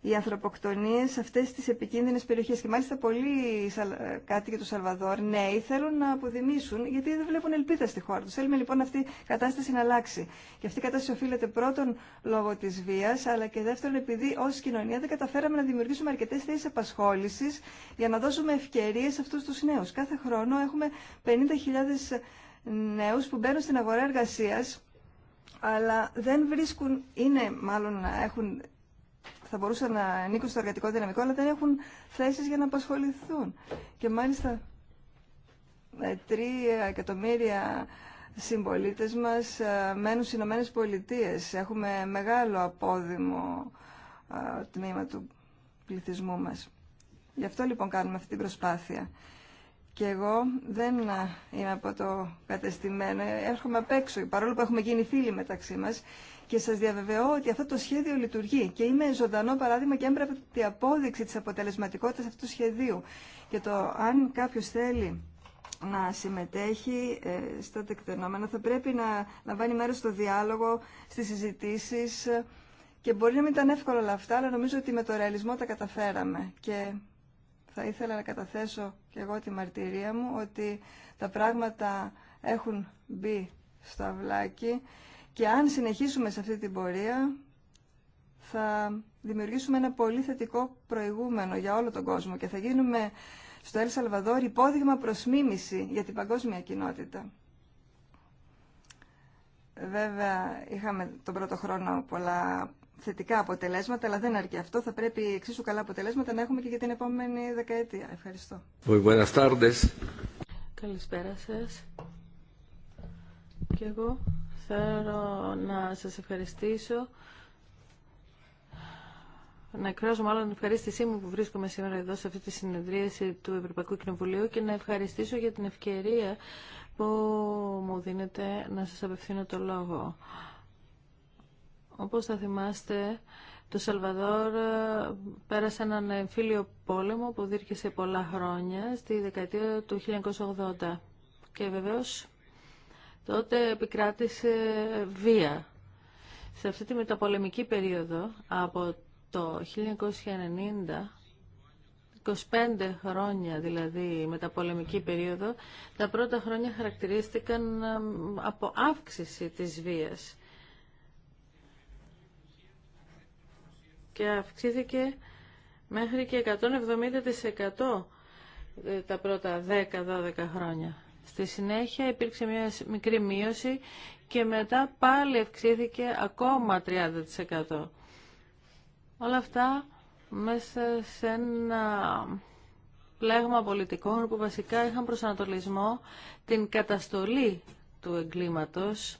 οι ανθρωποκτονίες αυτές τις επικίνδυνες περιοχές. Και μάλιστα πολλοί ε, κάτοικοι του Σαλβαδόρ, νέοι, θέλουν να αποδημήσουν γιατί δεν βλέπουν ελπίδα στη χώρα τους. Θέλουμε λοιπόν αυτή η κατάσταση να αλλάξει. Και αυτή η κατάσταση οφείλεται πρώτον λόγω της βίας, αλλά και δεύτερον επειδή ως κοινωνία δεν καταφέραμε να δημιουργήσουμε αρκετές θέσεις απασχόλησης για να δώσουμε ευκαιρίες σε αυτούς τους νέους. Κάθε χρόνο έχουμε 50.000 νέους που μπαίνουν στην αγορά εργασίας αλλά δεν βρίσκουν, είναι μάλλον να έχουν, θα μπορούσαν να ανήκουν στο εργατικό δυναμικό, αλλά δεν έχουν θέσεις για να απασχοληθούν. Και μάλιστα ε, τρία εκατομμύρια συμπολίτε μας ε, μένουν στι Ηνωμένε Πολιτείε. Έχουμε μεγάλο απόδημο ε, τμήμα του πληθυσμού μας. Γι' αυτό λοιπόν κάνουμε αυτή την προσπάθεια. Και εγώ δεν είμαι από το κατεστημένο, έρχομαι απ' έξω, παρόλο που έχουμε γίνει φίλοι μεταξύ μας και σας διαβεβαιώ ότι αυτό το σχέδιο λειτουργεί και είμαι ζωντανό παράδειγμα και τη απόδειξη της αποτελεσματικότητας αυτού του σχεδίου. Και το αν κάποιος θέλει να συμμετέχει ε, στα τεκτενόμενα θα πρέπει να λαμβάνει μέρος στο διάλογο, στις συζητήσεις και μπορεί να μην ήταν εύκολο όλα αυτά, αλλά νομίζω ότι με το ρεαλισμό τα καταφέραμε. Και θα ήθελα να καταθέσω και εγώ τη μαρτυρία μου ότι τα πράγματα έχουν μπει στο αυλάκι και αν συνεχίσουμε σε αυτή την πορεία θα δημιουργήσουμε ένα πολύ θετικό προηγούμενο για όλο τον κόσμο και θα γίνουμε στο Ελ Σαλβαδόρ υπόδειγμα προς για την παγκόσμια κοινότητα. Βέβαια, είχαμε τον πρώτο χρόνο πολλά θετικά αποτελέσματα, αλλά δεν αρκεί αυτό. Θα πρέπει εξίσου καλά αποτελέσματα να έχουμε και για την επόμενη δεκαετία. Ευχαριστώ. Καλησπέρα σα. Και εγώ θέλω να σας ευχαριστήσω να εκφράσω μάλλον την ευχαρίστησή μου που βρίσκομαι σήμερα εδώ σε αυτή τη συνεδρίαση του Ευρωπαϊκού Κοινοβουλίου και να ευχαριστήσω για την ευκαιρία που μου δίνετε να σας απευθύνω το λόγο. Όπως θα θυμάστε, το Σαλβαδόρ ε, πέρασε έναν εμφύλιο πόλεμο που δίρκησε πολλά χρόνια στη δεκαετία του 1980. Και βεβαίως τότε επικράτησε βία. Σε αυτή τη μεταπολεμική περίοδο, από το 1990 25 χρόνια δηλαδή μεταπολεμική περίοδο, τα πρώτα χρόνια χαρακτηρίστηκαν ε, από αύξηση της βίας. και αυξήθηκε μέχρι και 170% ε, τα πρώτα 10-12 χρόνια. Στη συνέχεια υπήρξε μια μικρή μείωση και μετά πάλι αυξήθηκε ακόμα 30%. Όλα αυτά μέσα σε ένα πλέγμα πολιτικών που βασικά είχαν προσανατολισμό την καταστολή του εγκλήματος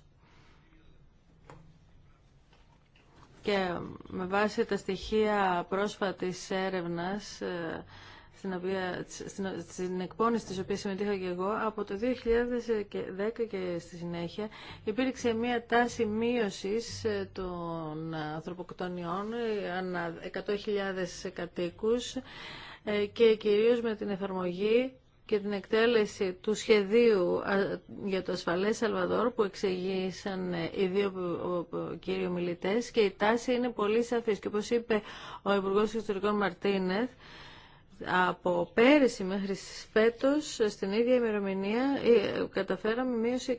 Και με βάση τα στοιχεία πρόσφατης έρευνας, ε, στην, οποία, στην, στην εκπόνηση της οποίας συμμετείχα και εγώ, από το 2010 και στη συνέχεια υπήρξε μια τάση μείωσης ε, των ανθρωποκτονιών ε, ανά 100.000 κατοίκους και κυρίως με την εφαρμογή και την εκτέλεση του σχεδίου για το ασφαλέ Σαλβαδόρ που εξηγήσαν ε, οι δύο κύριοι μιλητέ και η τάση είναι πολύ σαφής. Και όπως είπε ο Υπουργό Ιστορικών Μαρτίνεθ, από πέρυσι μέχρι φέτο στην ίδια ημερομηνία ε, καταφέραμε μείωση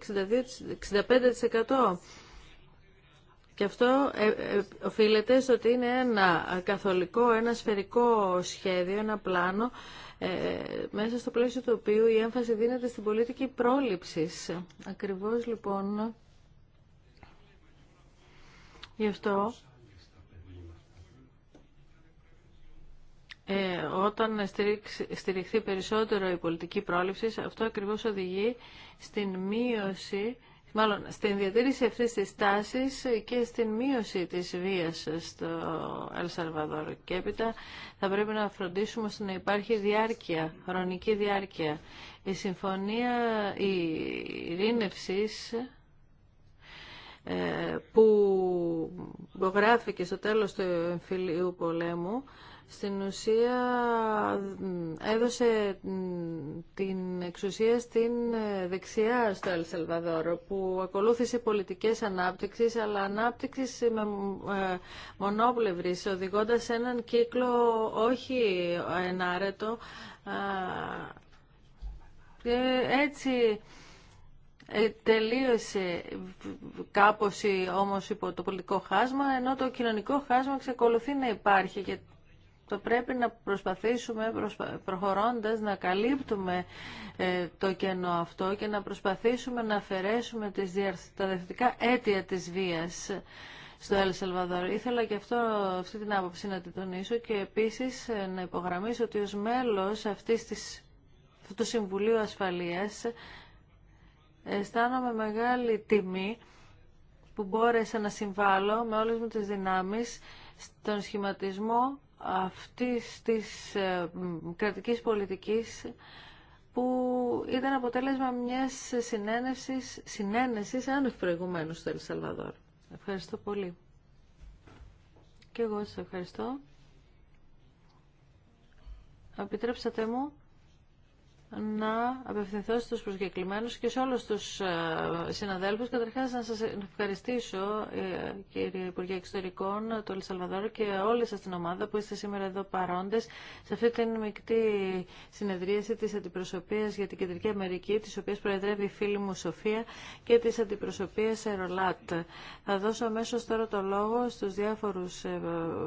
65%. Και αυτό ε, οφείλεται στο ότι είναι ένα καθολικό, ένα σφαιρικό σχέδιο, ένα πλάνο ε, μέσα στο πλαίσιο του οποίου η έμφαση δίνεται στην πολιτική πρόληψης. Ακριβώς λοιπόν γι' αυτό Ε, όταν στηριχθεί περισσότερο η πολιτική πρόληψη, αυτό ακριβώς οδηγεί στην μείωση μάλλον στην διατήρηση αυτή της τάσης και στην μείωση της βίας στο Ελσαλβαδόρ. Και έπειτα θα πρέπει να φροντίσουμε ώστε να υπάρχει διάρκεια, χρονική διάρκεια. Η συμφωνία η ειρήνευσης ε, που γράφηκε στο τέλος του εμφυλίου πολέμου στην ουσία έδωσε την εξουσία στην ε, δεξιά στο Ελσαλβαδόρο που ακολούθησε πολιτικές ανάπτυξης αλλά ανάπτυξης με ε, μονόπλευρης οδηγώντας έναν κύκλο όχι ενάρετο ε, έτσι τελείωσε κάπως όμως υπό το πολιτικό χάσμα, ενώ το κοινωνικό χάσμα ξεκολουθεί να υπάρχει το πρέπει να προσπαθήσουμε προχωρώντας να καλύπτουμε ε, το κενό αυτό και να προσπαθήσουμε να αφαιρέσουμε τις τα δευτικά αίτια της βίας στο Ελ Ήθελα και αυτό, αυτή την άποψη να την τονίσω και επίσης ε, να υπογραμμίσω ότι ως μέλος αυτής της, αυτού του Συμβουλίου Ασφαλείας ε, αισθάνομαι μεγάλη τιμή που μπόρεσα να συμβάλλω με όλες μου τις δυνάμεις στον σχηματισμό αυτής της ε, κρατικής πολιτικής που ήταν αποτέλεσμα μιας συνένεσης, συνένεσης άνευ προηγουμένου στο Ελσαλβαδόρ. Ευχαριστώ πολύ. Και εγώ σας ευχαριστώ. Επιτρέψατε μου να απευθυνθώ στους προσκεκλημένους και σε όλους τους ε, συναδέλφους. Καταρχάς να σας ευχαριστήσω ε, κύριε Υπουργέ Εξωτερικών του Ελσαλβαδόρου και όλη σας την ομάδα που είστε σήμερα εδώ παρόντες σε αυτή την μεικτή συνεδρίαση της Αντιπροσωπείας για την Κεντρική Αμερική της οποίας προεδρεύει η φίλη μου Σοφία και της Αντιπροσωπείας Ερολάτ. Θα δώσω αμέσω τώρα το λόγο στους διάφορους ε,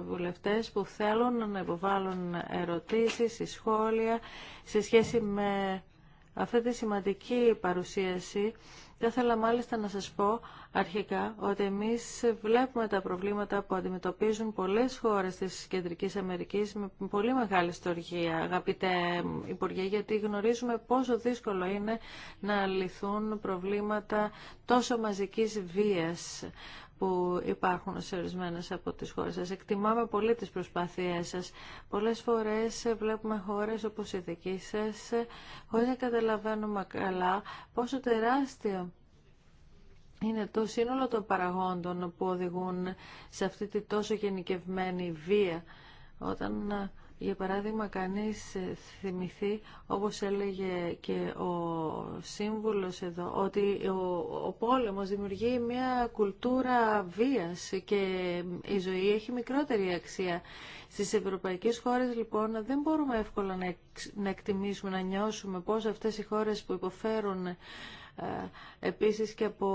βουλευτές που θέλουν να υποβάλουν ερωτήσεις, σχόλια σε σχέση με αυτή τη σημαντική παρουσίαση. Θα ήθελα μάλιστα να σας πω αρχικά ότι εμείς βλέπουμε τα προβλήματα που αντιμετωπίζουν πολλές χώρες της Κεντρικής Αμερικής με πολύ μεγάλη στοργία, αγαπητέ Υπουργέ, γιατί γνωρίζουμε πόσο δύσκολο είναι να λυθούν προβλήματα τόσο μαζικής βίας που υπάρχουν σε ορισμένε από τι χώρε σα. Εκτιμάμε πολύ τις προσπάθειές σας. Πολλέ φορές βλέπουμε χώρες όπως η δική σα, χωρίς να καταλαβαίνουμε καλά πόσο τεράστιο είναι το σύνολο των παραγόντων που οδηγούν σε αυτή τη τόσο γενικευμένη βία. Όταν για παράδειγμα κανείς ε, θυμηθεί όπως έλεγε και ο σύμβουλος εδώ ότι ο, ο πόλεμος δημιουργεί μια κουλτούρα βίας και η ζωή έχει μικρότερη αξία. Στις ευρωπαϊκές χώρες λοιπόν δεν μπορούμε εύκολα να, να εκτιμήσουμε, να νιώσουμε πώς αυτές οι χώρες που υποφέρουν ε, επίσης και από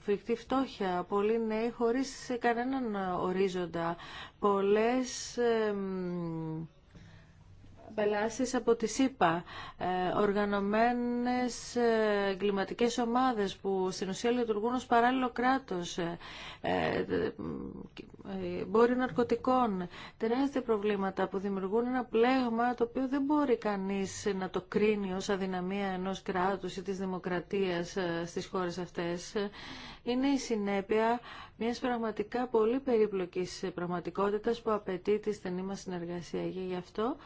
φρικτή φτώχεια, πολλοί νέοι χωρίς κανέναν ορίζοντα, πολλές ε, απελάσεις από τη ΣΥΠΑ, ε, οργανωμένες ε, εγκληματικέ ομάδες που στην ουσία λειτουργούν ως παράλληλο κράτος, ε, μπορεί ναρκωτικών, τεράστια προβλήματα που δημιουργούν ένα πλέγμα το οποίο δεν μπορεί κανείς να το κρίνει ως αδυναμία ενός κράτους ή της δημοκρατίας στις χώρες αυτές. Είναι η συνέπεια μιας πραγματικά πολύ περίπλοκης πραγματικοτητα που απαιτεί τη στενή μα συνεργασία. Και γι' αυτό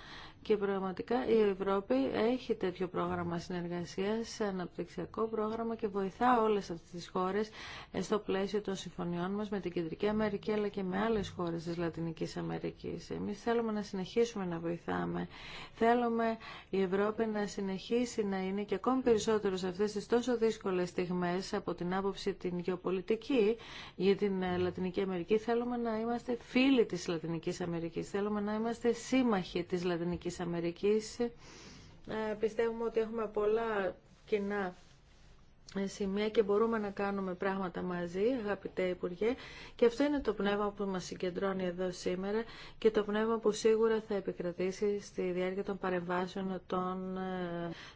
και πραγματικά η Ευρώπη έχει τέτοιο πρόγραμμα συνεργασίας, αναπτυξιακό πρόγραμμα και βοηθά όλες αυτές τις χώρες ε, στο πλαίσιο των συμφωνιών μας με την Κεντρική Αμερική αλλά και με άλλες χώρες της Λατινικής Αμερικής. Εμείς θέλουμε να συνεχίσουμε να βοηθάμε. Θέλουμε η Ευρώπη να συνεχίσει να είναι και ακόμη περισσότερο σε αυτές τις τόσο δύσκολες στιγμές από την άποψη την γεωπολιτική για την ε, Λατινική Αμερική. Θέλουμε να είμαστε φίλοι της Λατινικής Αμερικής. Θέλουμε να είμαστε σύμμαχοι της Λατινικής Λατινικής Αμερικής. Ε, πιστεύουμε ότι έχουμε πολλά κοινά ε, σημεία και μπορούμε να κάνουμε πράγματα μαζί, αγαπητέ Υπουργέ. Και αυτό είναι το πνεύμα που μας συγκεντρώνει εδώ σήμερα και το πνεύμα που σίγουρα θα επικρατήσει στη διάρκεια των παρεμβάσεων των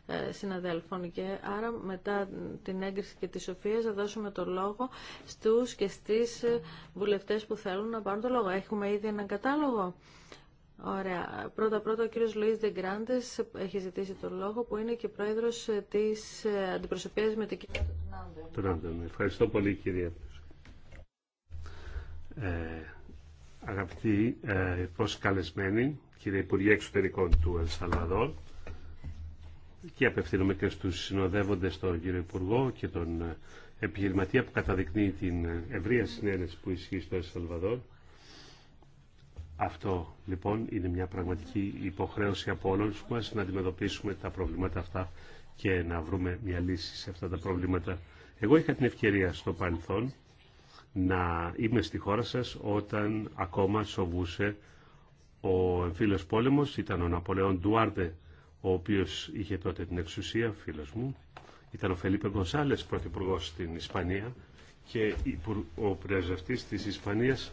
ε, συναδέλφων. Και άρα μετά την έγκριση και τη σοφία θα δώσουμε το λόγο στους και στις βουλευτές που θέλουν να πάρουν το λόγο. Έχουμε ήδη έναν κατάλογο. Ωραία. Πρώτα-πρώτα ο κύριος Λουίς Δεγκράντες έχει ζητήσει τον λόγο που είναι και πρόεδρος της αντιπροσωπείας με την κυρία του ναι. Ευχαριστώ πολύ κύριε. Ε, αγαπητοί ε, προσκαλεσμένοι, κύριε Υπουργέ Εξωτερικών του Ελσαλβαδόρ και απευθύνομαι και στους συνοδεύοντες τον κύριο Υπουργό και τον ε, επιχειρηματία που καταδεικνύει την ε, ευρεία συνένεση που ισχύει στο Ελσαλβαδόρ αυτό λοιπόν είναι μια πραγματική υποχρέωση από όλους μας να αντιμετωπίσουμε τα προβλήματα αυτά και να βρούμε μια λύση σε αυτά τα προβλήματα. Εγώ είχα την ευκαιρία στο παρελθόν να είμαι στη χώρα σας όταν ακόμα σοβούσε ο εμφύλος πόλεμος. Ήταν ο Ναπολεόν Ντουάρντε, ο οποίος είχε τότε την εξουσία, φίλος μου. Ήταν ο Φελίπε Γκονσάλες, πρωθυπουργός στην Ισπανία και ο πρεσβευτής της Ισπανίας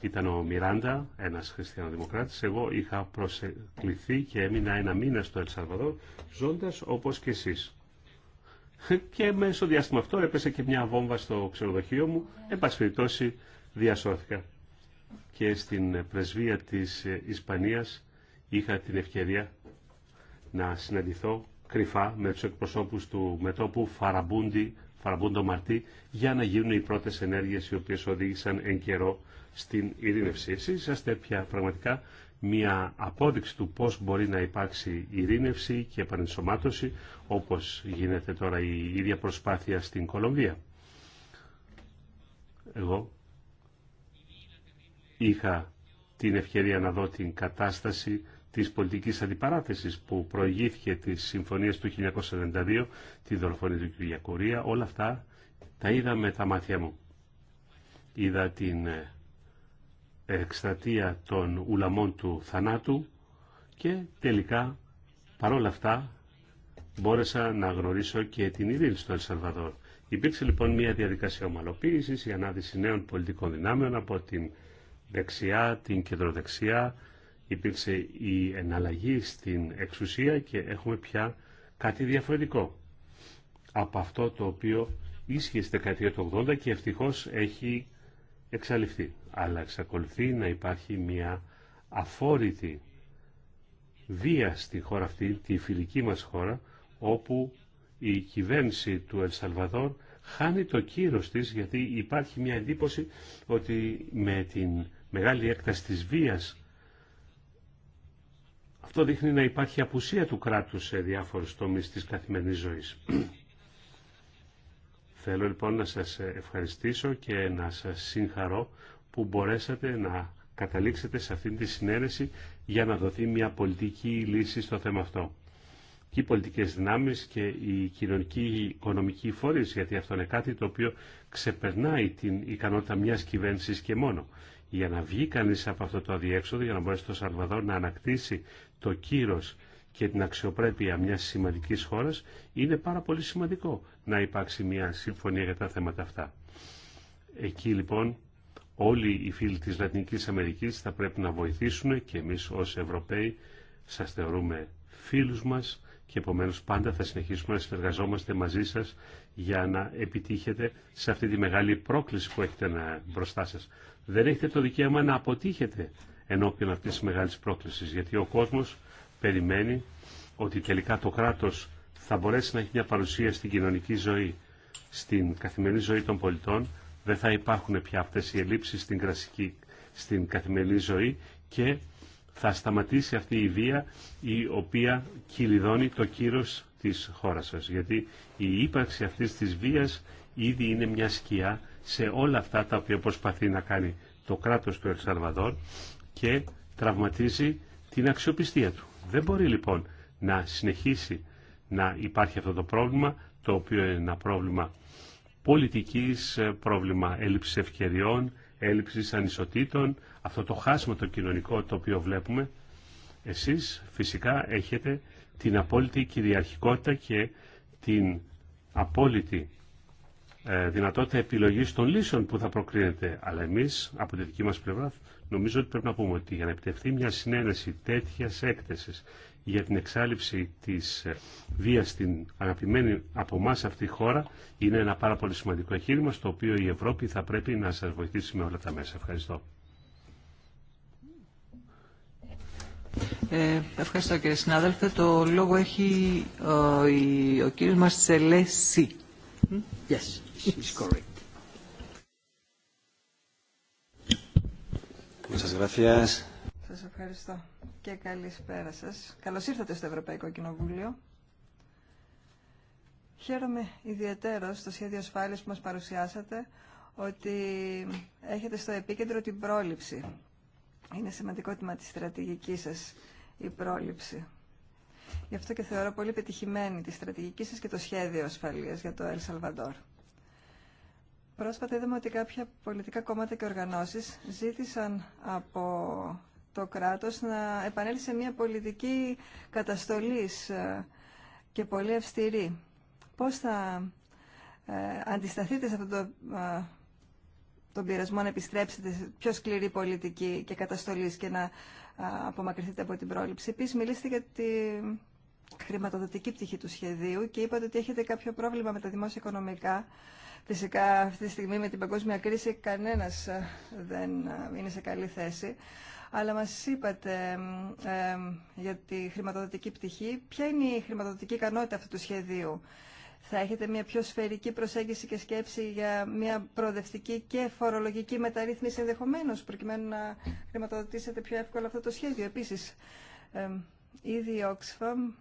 ήταν ο Μιράντα, ένας χριστιανοδημοκράτης. Εγώ είχα προσεκληθεί και έμεινα ένα μήνα στο Ελσαρβαδό ζώντας όπως και εσείς. Και μέσω διάστημα αυτό έπεσε και μια βόμβα στο ξενοδοχείο μου. επασφυρητώσει διασώθηκα. Και στην πρεσβεία της Ισπανίας είχα την ευκαιρία να συναντηθώ κρυφά με τους εκπροσώπους του μετόπου Φαραμπούντι το Μαρτί για να γίνουν οι πρώτες ενέργειες οι οποίες οδήγησαν εν καιρό στην ειρήνευση. Εσείς είσαστε πια πραγματικά μια απόδειξη του πώς μπορεί να υπάρξει ειρήνευση και επανενσωμάτωση όπως γίνεται τώρα η ίδια προσπάθεια στην Κολομβία. Εγώ είχα την ευκαιρία να δω την κατάσταση της πολιτικής αντιπαράθεσης που προηγήθηκε τις συμφωνίες του 1972, τη δολοφονία του Κυριακουρία, όλα αυτά τα είδα με τα μάτια μου. Είδα την ε, εκστρατεία των ουλαμών του θανάτου και τελικά παρόλα αυτά μπόρεσα να γνωρίσω και την ειρήνη στο Ελσαλβαδόρ. Υπήρξε λοιπόν μια διαδικασία ομαλοποίησης, η ανάδυση νέων πολιτικών δυνάμεων από την δεξιά, την κεντροδεξιά, υπήρξε η εναλλαγή στην εξουσία και έχουμε πια κάτι διαφορετικό από αυτό το οποίο ίσχυε στη δεκαετία του 80 και ευτυχώς έχει εξαλειφθεί. Αλλά εξακολουθεί να υπάρχει μια αφόρητη βία στη χώρα αυτή, τη φιλική μας χώρα, όπου η κυβέρνηση του Ελσαλβαδόρ χάνει το κύρος της γιατί υπάρχει μια εντύπωση ότι με την μεγάλη έκταση της βίας αυτό δείχνει να υπάρχει απουσία του κράτους σε διάφορους τομείς της καθημερινής ζωής. Θέλω λοιπόν να σας ευχαριστήσω και να σας συγχαρώ που μπορέσατε να καταλήξετε σε αυτήν τη συνένεση για να δοθεί μια πολιτική λύση στο θέμα αυτό. Και οι πολιτικές δυνάμεις και η κοινωνικοί οικονομική οικονομικοί φορείς, γιατί αυτό είναι κάτι το οποίο ξεπερνάει την ικανότητα μιας κυβέρνησης και μόνο. Για να βγει κανείς από αυτό το αδιέξοδο, για να μπορέσει το Σαλβαδόρ να ανακτήσει το κύρος και την αξιοπρέπεια μιας σημαντικής χώρας, είναι πάρα πολύ σημαντικό να υπάρξει μια συμφωνία για τα θέματα αυτά. Εκεί λοιπόν όλοι οι φίλοι της Λατινικής Αμερικής θα πρέπει να βοηθήσουν και εμείς ως Ευρωπαίοι σας θεωρούμε φίλους μας και επομένως πάντα θα συνεχίσουμε να συνεργαζόμαστε μαζί σας για να επιτύχετε σε αυτή τη μεγάλη πρόκληση που έχετε μπροστά σας. Δεν έχετε το δικαίωμα να αποτύχετε ενώπιον αυτής της μεγάλης πρόκλησης. Γιατί ο κόσμος περιμένει ότι τελικά το κράτος θα μπορέσει να έχει μια παρουσία στην κοινωνική ζωή, στην καθημερινή ζωή των πολιτών, δεν θα υπάρχουν πια αυτές οι ελλείψεις στην, κρασική, στην καθημερινή ζωή και θα σταματήσει αυτή η βία η οποία κυλιδώνει το κύρος της χώρας σας. Γιατί η ύπαρξη αυτής της βίας ήδη είναι μια σκιά σε όλα αυτά τα οποία προσπαθεί να κάνει το κράτος του Ελσαρβαδόρ και τραυματίζει την αξιοπιστία του. Δεν μπορεί λοιπόν να συνεχίσει να υπάρχει αυτό το πρόβλημα, το οποίο είναι ένα πρόβλημα πολιτικής, πρόβλημα έλλειψης ευκαιριών, έλλειψης ανισοτήτων, αυτό το χάσμα το κοινωνικό το οποίο βλέπουμε. Εσείς φυσικά έχετε την απόλυτη κυριαρχικότητα και την απόλυτη ε, δυνατότητα επιλογής των λύσεων που θα προκρίνεται. Αλλά εμείς από τη δική μας πλευρά Νομίζω ότι πρέπει να πούμε ότι για να επιτευχθεί μια συνένεση τέτοια έκθεση για την εξάλληψη τη ε, βία στην αγαπημένη από εμά αυτή η χώρα είναι ένα πάρα πολύ σημαντικό εγχείρημα στο οποίο η Ευρώπη θα πρέπει να σα βοηθήσει με όλα τα μέσα. Ευχαριστώ. Ε, ευχαριστώ κύριε συνάδελφε. Το λόγο έχει ε, ο, ο κύριος Σι. Yes, correct. Σας ευχαριστώ και καλησπέρα σας. Καλώς ήρθατε στο Ευρωπαϊκό Κοινοβούλιο. Χαίρομαι ιδιαίτερο στο σχέδιο ασφάλεια που μας παρουσιάσατε ότι έχετε στο επίκεντρο την πρόληψη. Είναι σημαντικό τμήμα της στρατηγικής σας η πρόληψη. Γι' αυτό και θεωρώ πολύ πετυχημένη τη στρατηγική σας και το σχέδιο ασφαλείας για το Ελ Σαλβαντόρ. Πρόσφατα είδαμε ότι κάποια πολιτικά κόμματα και οργανώσεις ζήτησαν από το κράτος να επανέλθει σε μια πολιτική καταστολής ε, και πολύ αυστηρή. Πώς θα ε, αντισταθείτε σε αυτό το, ε, τον πειρασμό να επιστρέψετε σε πιο σκληρή πολιτική και καταστολής και να απομακρυνθείτε από την πρόληψη. Επίσης μιλήσετε για τη χρηματοδοτική πτυχή του σχεδίου και είπατε ότι έχετε κάποιο πρόβλημα με τα δημόσια οικονομικά. Φυσικά αυτή τη στιγμή με την παγκόσμια κρίση κανένας ε, δεν ε, είναι σε καλή θέση. Αλλά μας είπατε ε, για τη χρηματοδοτική πτυχή. Ποια είναι η χρηματοδοτική ικανότητα αυτού του σχεδίου. Θα έχετε μια πιο σφαιρική προσέγγιση και σκέψη για μια προοδευτική και φορολογική μεταρρύθμιση ενδεχομένω, προκειμένου να χρηματοδοτήσετε πιο εύκολα αυτό το σχέδιο. Επίση, ε, ήδη η Oxfam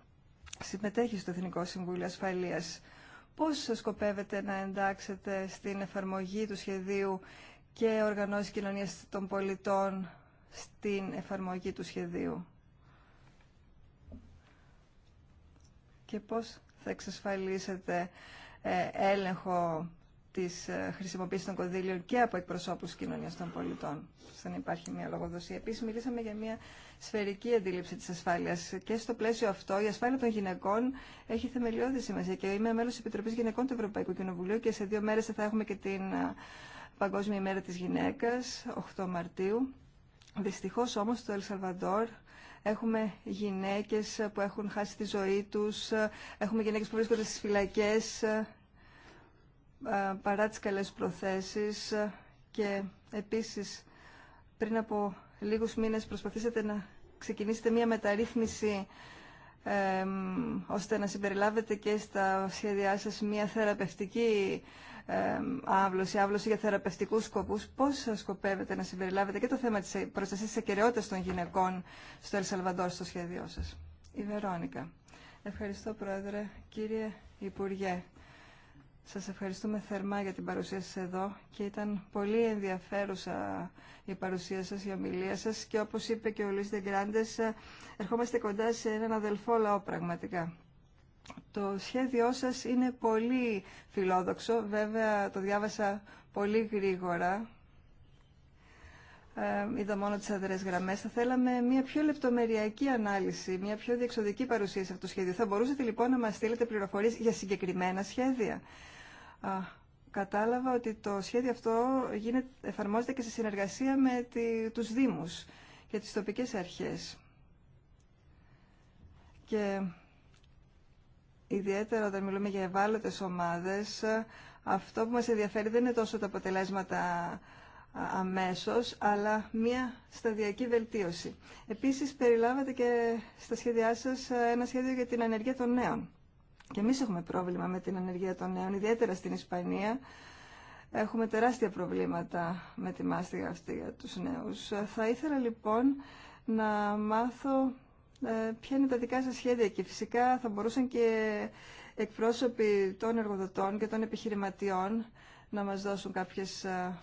συμμετέχει στο Εθνικό Συμβούλιο Ασφαλείας. Πώς σκοπεύετε να εντάξετε στην εφαρμογή του σχεδίου και οργανώσει κοινωνίας των πολιτών στην εφαρμογή του σχεδίου. Και πώς θα εξασφαλίσετε ε, έλεγχο της ε, χρησιμοποίησης των κονδύλων και από εκπροσώπους κοινωνίας των πολιτών, Σαν να υπάρχει μια λογοδοσία. Επίσης, μιλήσαμε για μια σφαιρική αντίληψη της ασφάλειας και στο πλαίσιο αυτό η ασφάλεια των γυναικών έχει θεμελιώδη σημασία και είμαι μέλος της Επιτροπής Γυναικών του Ευρωπαϊκού Κοινοβουλίου και σε δύο μέρες θα έχουμε και την ε, Παγκόσμια ημέρα της γυναίκας, 8 Μαρτίου. Δυστυχώς όμως στο Ελσαλβαντόρ έχουμε γυναίκες που έχουν χάσει τη ζωή τους, ε, έχουμε γυναίκες που βρίσκονται στις φυλακές, παρά τις καλές προθέσεις και επίσης πριν από λίγους μήνες προσπαθήσατε να ξεκινήσετε μία μεταρρύθμιση ώστε να συμπεριλάβετε και στα σχέδιά σας μία θεραπευτική ε, άβλωση, άβλωση για θεραπευτικούς σκοπούς. Πώς σκοπεύετε να συμπεριλάβετε και το θέμα της προστασίας της ακαιρεότητας των γυναικών στο Ελσαλβαντόρ στο σχέδιό σας. Η Βερόνικα. Ευχαριστώ Πρόεδρε. Κύριε Υπουργέ, σας ευχαριστούμε θερμά για την παρουσία σας εδώ και ήταν πολύ ενδιαφέρουσα η παρουσία σας, η ομιλία σας και όπως είπε και ο Λουίς Δεγκράντες, ερχόμαστε κοντά σε έναν αδελφό λαό πραγματικά. Το σχέδιό σας είναι πολύ φιλόδοξο, βέβαια το διάβασα πολύ γρήγορα, ε, είδα μόνο τις αδερές γραμμές. Θα θέλαμε μια πιο λεπτομεριακή ανάλυση, μια πιο διεξοδική παρουσίαση αυτού του σχέδιου. Θα μπορούσατε λοιπόν να μας στείλετε πληροφορίες για συγκεκριμένα σχέδια, κατάλαβα ότι το σχέδιο αυτό γίνεται, εφαρμόζεται και σε συνεργασία με τη, τους Δήμους και τις τοπικές αρχές. Και ιδιαίτερα όταν μιλούμε για ευάλωτες ομάδες, αυτό που μας ενδιαφέρει δεν είναι τόσο τα αποτελέσματα αμέσως, αλλά μια σταδιακή βελτίωση. Επίσης, περιλάβατε και στα σχέδιά σας ένα σχέδιο για την ανεργία των νέων. Και εμεί έχουμε πρόβλημα με την ανεργία των νέων, ιδιαίτερα στην Ισπανία. Έχουμε τεράστια προβλήματα με τη μάστιγα αυτή για τους νέους. Θα ήθελα λοιπόν να μάθω ε, ποια είναι τα δικά σας σχέδια και φυσικά θα μπορούσαν και εκπρόσωποι των εργοδοτών και των επιχειρηματιών να μας δώσουν κάποιες ε,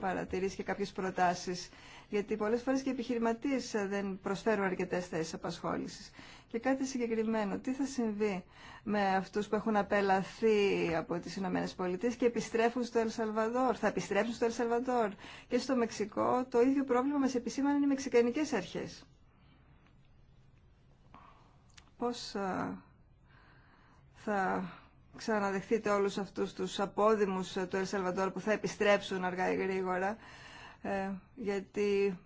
παρατηρήσεις και κάποιες προτάσεις γιατί πολλές φορές και οι επιχειρηματίες ε, δεν προσφέρουν αρκετές θέσεις απασχόλησης. Και κάτι συγκεκριμένο, τι θα συμβεί με αυτούς που έχουν απελαθεί από τις Ηνωμένες Πολιτείες και επιστρέφουν στο Ελσαλβαδόρ, θα επιστρέψουν στο Ελσαλβαδόρ και στο Μεξικό, το ίδιο πρόβλημα μας επισήμανε οι μεξικανικές αρχές. Πώς ε, θα ξαναδεχτείτε όλους αυτούς τους απόδημους ε, του Ελσαλβαδόρ που θα επιστρέψουν αργά ή γρήγορα ε, γιατί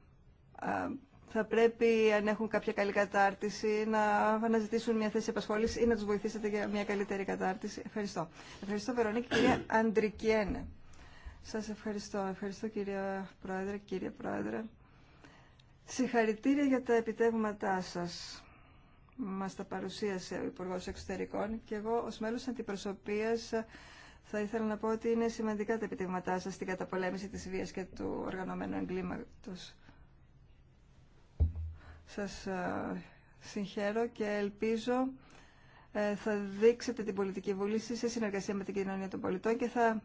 θα πρέπει, αν έχουν κάποια καλή κατάρτιση, να αναζητήσουν μια θέση επασχόληση ή να του βοηθήσετε για μια καλύτερη κατάρτιση. Ευχαριστώ. Ευχαριστώ, Βερονίκη. Κυρία Αντρικιένε. σας ευχαριστώ. Ευχαριστώ, κυρία Πρόεδρε, κύριε Πρόεδρε. Συγχαρητήρια για τα επιτεύγματά σας. Μας τα παρουσίασε ο Υπουργό Εξωτερικών και εγώ, ω μέλο αντιπροσωπείας... Θα ήθελα να πω ότι είναι σημαντικά τα επιτυγματά σας στην καταπολέμηση της βίας και του οργανωμένου εγκλήματος. Σας ε, συγχαίρω και ελπίζω ε, θα δείξετε την πολιτική βούληση σε συνεργασία με την κοινωνία των πολιτών και θα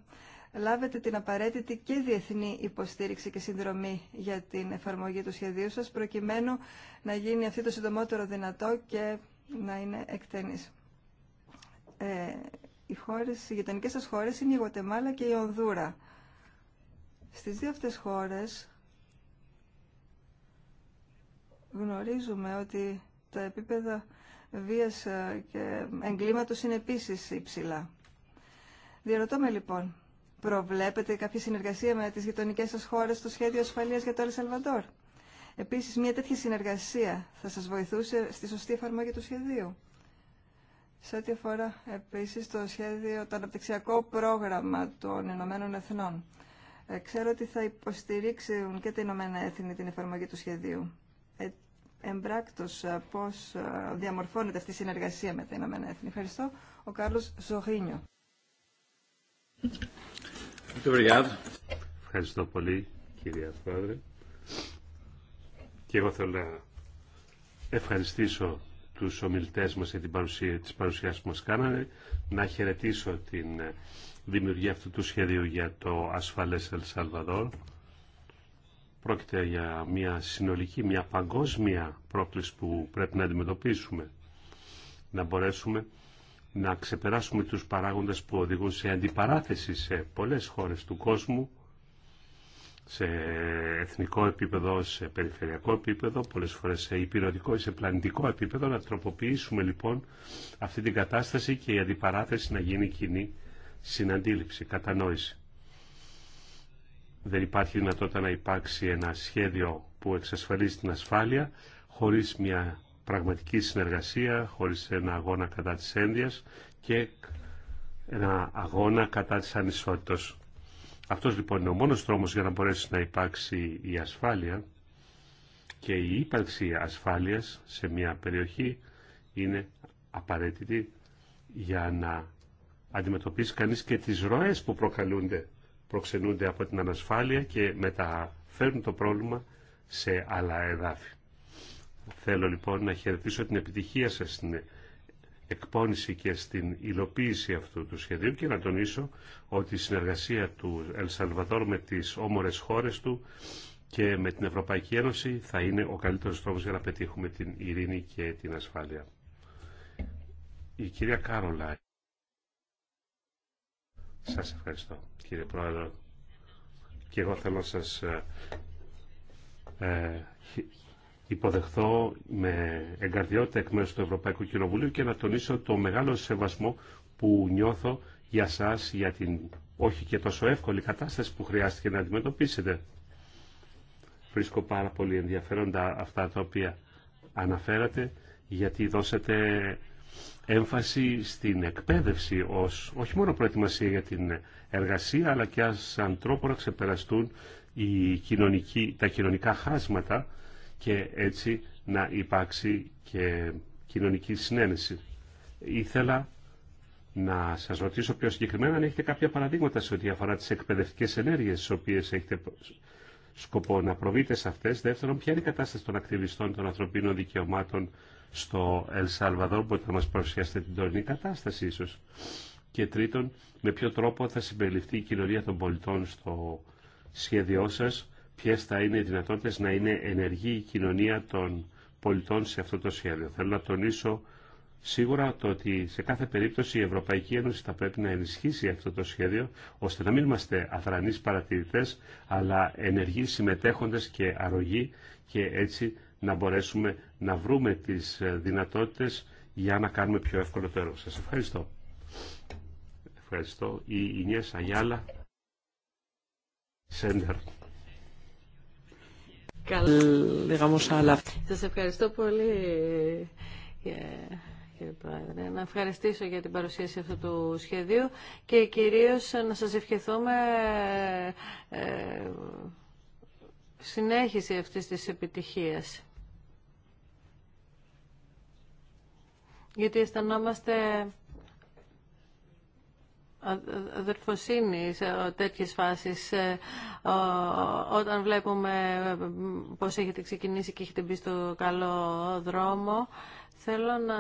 λάβετε την απαραίτητη και διεθνή υποστήριξη και συνδρομή για την εφαρμογή του σχεδίου σας, προκειμένου να γίνει αυτή το συντομότερο δυνατό και να είναι εκτενής. Ε, οι, χώρες, οι γειτονικές σας χώρες είναι η Γοτεμάλα και η Ονδούρα. Στις δύο αυτές χώρες γνωρίζουμε ότι τα επίπεδα βίας ε, και εγκλήματος είναι επίσης υψηλά. Διαρωτώ με λοιπόν, προβλέπετε κάποια συνεργασία με τις γειτονικές σας χώρες στο σχέδιο ασφαλείας για το Ελσαλβαντόρ. Επίσης, μια τέτοια συνεργασία θα σας βοηθούσε στη σωστή εφαρμογή του σχεδίου σε ό,τι αφορά επίσης το σχέδιο, το αναπτυξιακό πρόγραμμα των Ηνωμένων Εθνών. Ε, ξέρω ότι θα υποστηρίξουν και τα Ηνωμένα Έθνη την εφαρμογή του σχεδίου. Ε, εμπράκτος ε, πώς ε, διαμορφώνεται αυτή η συνεργασία με τα Ηνωμένα Έθνη. Ευχαριστώ. Ο Κάρλος Ζωγίνιο. Ευχαριστώ πολύ κυρία Πρόεδρε. Και εγώ θέλω να ευχαριστήσω τους ομιλητές μας για την παρουσία, που μας κάνανε, να χαιρετήσω την ε, δημιουργία αυτού του σχεδίου για το ασφαλές Ελσαλβαδόρ. Πρόκειται για μια συνολική, μια παγκόσμια πρόκληση που πρέπει να αντιμετωπίσουμε. Να μπορέσουμε να ξεπεράσουμε τους παράγοντες που οδηγούν σε αντιπαράθεση σε πολλές χώρες του κόσμου σε εθνικό επίπεδο, σε περιφερειακό επίπεδο, πολλές φορές σε υπηρετικό ή σε πλανητικό επίπεδο, να τροποποιήσουμε λοιπόν αυτή την κατάσταση και η αντιπαράθεση να γίνει κοινή συναντήληψη, κατανόηση. Δεν υπάρχει δυνατότητα να υπάρξει ένα σχέδιο που εξασφαλίζει την ασφάλεια χωρίς μια πραγματική συνεργασία, χωρίς ένα αγώνα κατά της ένδυας και ένα αγώνα κατά της ανισότητας. Αυτός λοιπόν είναι ο μόνος τρόμος για να μπορέσει να υπάρξει η ασφάλεια και η ύπαρξη ασφάλειας σε μια περιοχή είναι απαραίτητη για να αντιμετωπίσει κανείς και τις ροές που προκαλούνται, προξενούνται από την ανασφάλεια και μεταφέρουν το πρόβλημα σε άλλα εδάφη. Θέλω λοιπόν να χαιρετήσω την επιτυχία σας στην εκπόνηση και στην υλοποίηση αυτού του σχεδίου και να τονίσω ότι η συνεργασία του Ελσαλβατόρ με τις όμορες χώρες του και με την Ευρωπαϊκή Ένωση θα είναι ο καλύτερος τρόπος για να πετύχουμε την ειρήνη και την ασφάλεια. Η κυρία Κάρολα. Σας ευχαριστώ κύριε Πρόεδρο. Και εγώ θέλω να σας ε, ε υποδεχθώ με εγκαρδιότητα εκ μέρους του Ευρωπαϊκού Κοινοβουλίου και να τονίσω το μεγάλο σεβασμό που νιώθω για σας, για την όχι και τόσο εύκολη κατάσταση που χρειάστηκε να αντιμετωπίσετε. Βρίσκω πάρα πολύ ενδιαφέροντα αυτά τα οποία αναφέρατε, γιατί δώσατε έμφαση στην εκπαίδευση ως όχι μόνο προετοιμασία για την εργασία, αλλά και σαν τρόπο να ξεπεραστούν τα κοινωνικά χάσματα και έτσι να υπάρξει και κοινωνική συνένεση. Ήθελα να σας ρωτήσω πιο συγκεκριμένα αν έχετε κάποια παραδείγματα σε ό,τι αφορά τις εκπαιδευτικές ενέργειες τις οποίες έχετε σκοπό να προβείτε σε αυτές. Δεύτερον, ποια είναι η κατάσταση των ακτιβιστών των ανθρωπίνων δικαιωμάτων στο Ελ μπορείτε να μας παρουσιάσετε την τωρινή κατάσταση ίσως. Και τρίτον, με ποιο τρόπο θα συμπεριληφθεί η κοινωνία των πολιτών στο σχέδιό σας Ποιε θα είναι οι δυνατότητε να είναι ενεργή η κοινωνία των πολιτών σε αυτό το σχέδιο. Θέλω να τονίσω σίγουρα το ότι σε κάθε περίπτωση η Ευρωπαϊκή Ένωση θα πρέπει να ενισχύσει αυτό το σχέδιο, ώστε να μην είμαστε αδρανείς παρατηρητέ, αλλά ενεργοί συμμετέχοντες και αρρωγοί και έτσι να μπορέσουμε να βρούμε τι δυνατότητε για να κάνουμε πιο εύκολο το έργο. Σα ευχαριστώ. Ευχαριστώ. Η Σέντερ. Καλά. Σας ευχαριστώ πολύ ε, κύριε Πρόεδρε. Να ευχαριστήσω για την παρουσίαση αυτού του σχεδίου και κυρίως να σας ευχηθούμε ε, συνέχιση αυτής της επιτυχίας. Γιατί αισθανόμαστε αδερφοσύνη σε τέτοιες φάσεις ε, όταν βλέπουμε ε, πώς έχετε ξεκινήσει και έχετε μπει στο καλό δρόμο Θέλω να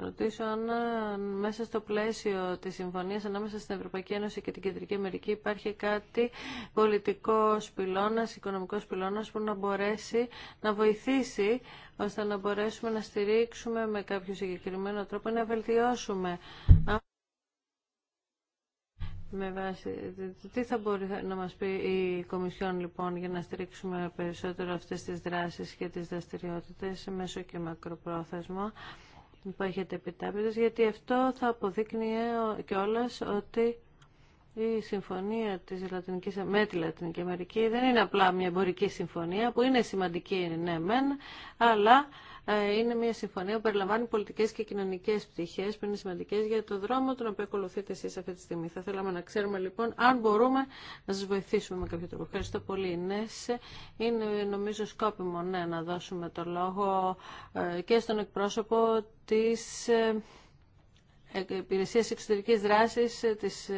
ρωτήσω αν ε, μέσα στο πλαίσιο της συμφωνίας ανάμεσα στην Ευρωπαϊκή Ένωση και την Κεντρική Αμερική υπάρχει κάτι πολιτικός πυλώνας, οικονομικός πυλώνας που να μπορέσει να βοηθήσει ώστε να μπορέσουμε να στηρίξουμε με κάποιο συγκεκριμένο τρόπο να βελτιώσουμε με τι θα μπορεί να μας πει η Κομισιόν λοιπόν για να στηρίξουμε περισσότερο αυτές τις δράσεις και τις δραστηριότητες μέσω και μακροπρόθεσμα που έχετε επιτάπητες, γιατί αυτό θα αποδείκνει κιόλας ότι η συμφωνία της Λατινικής, με τη Λατινική Αμερική δεν είναι απλά μια εμπορική συμφωνία που είναι σημαντική, ναι μεν, αλλά ε, είναι μια συμφωνία που περιλαμβάνει πολιτικές και κοινωνικές πτυχέ που είναι σημαντικές για το δρόμο τον οποίο ακολουθείτε εσεί αυτή τη στιγμή. Θα θέλαμε να ξέρουμε λοιπόν αν μπορούμε να σα βοηθήσουμε με κάποιο τρόπο. Ευχαριστώ πολύ. Ναι, είναι νομίζω σκόπιμο ναι, να δώσουμε το λόγο ε, και στον εκπρόσωπο της δράση ε, Εξωτερικής Δράσης της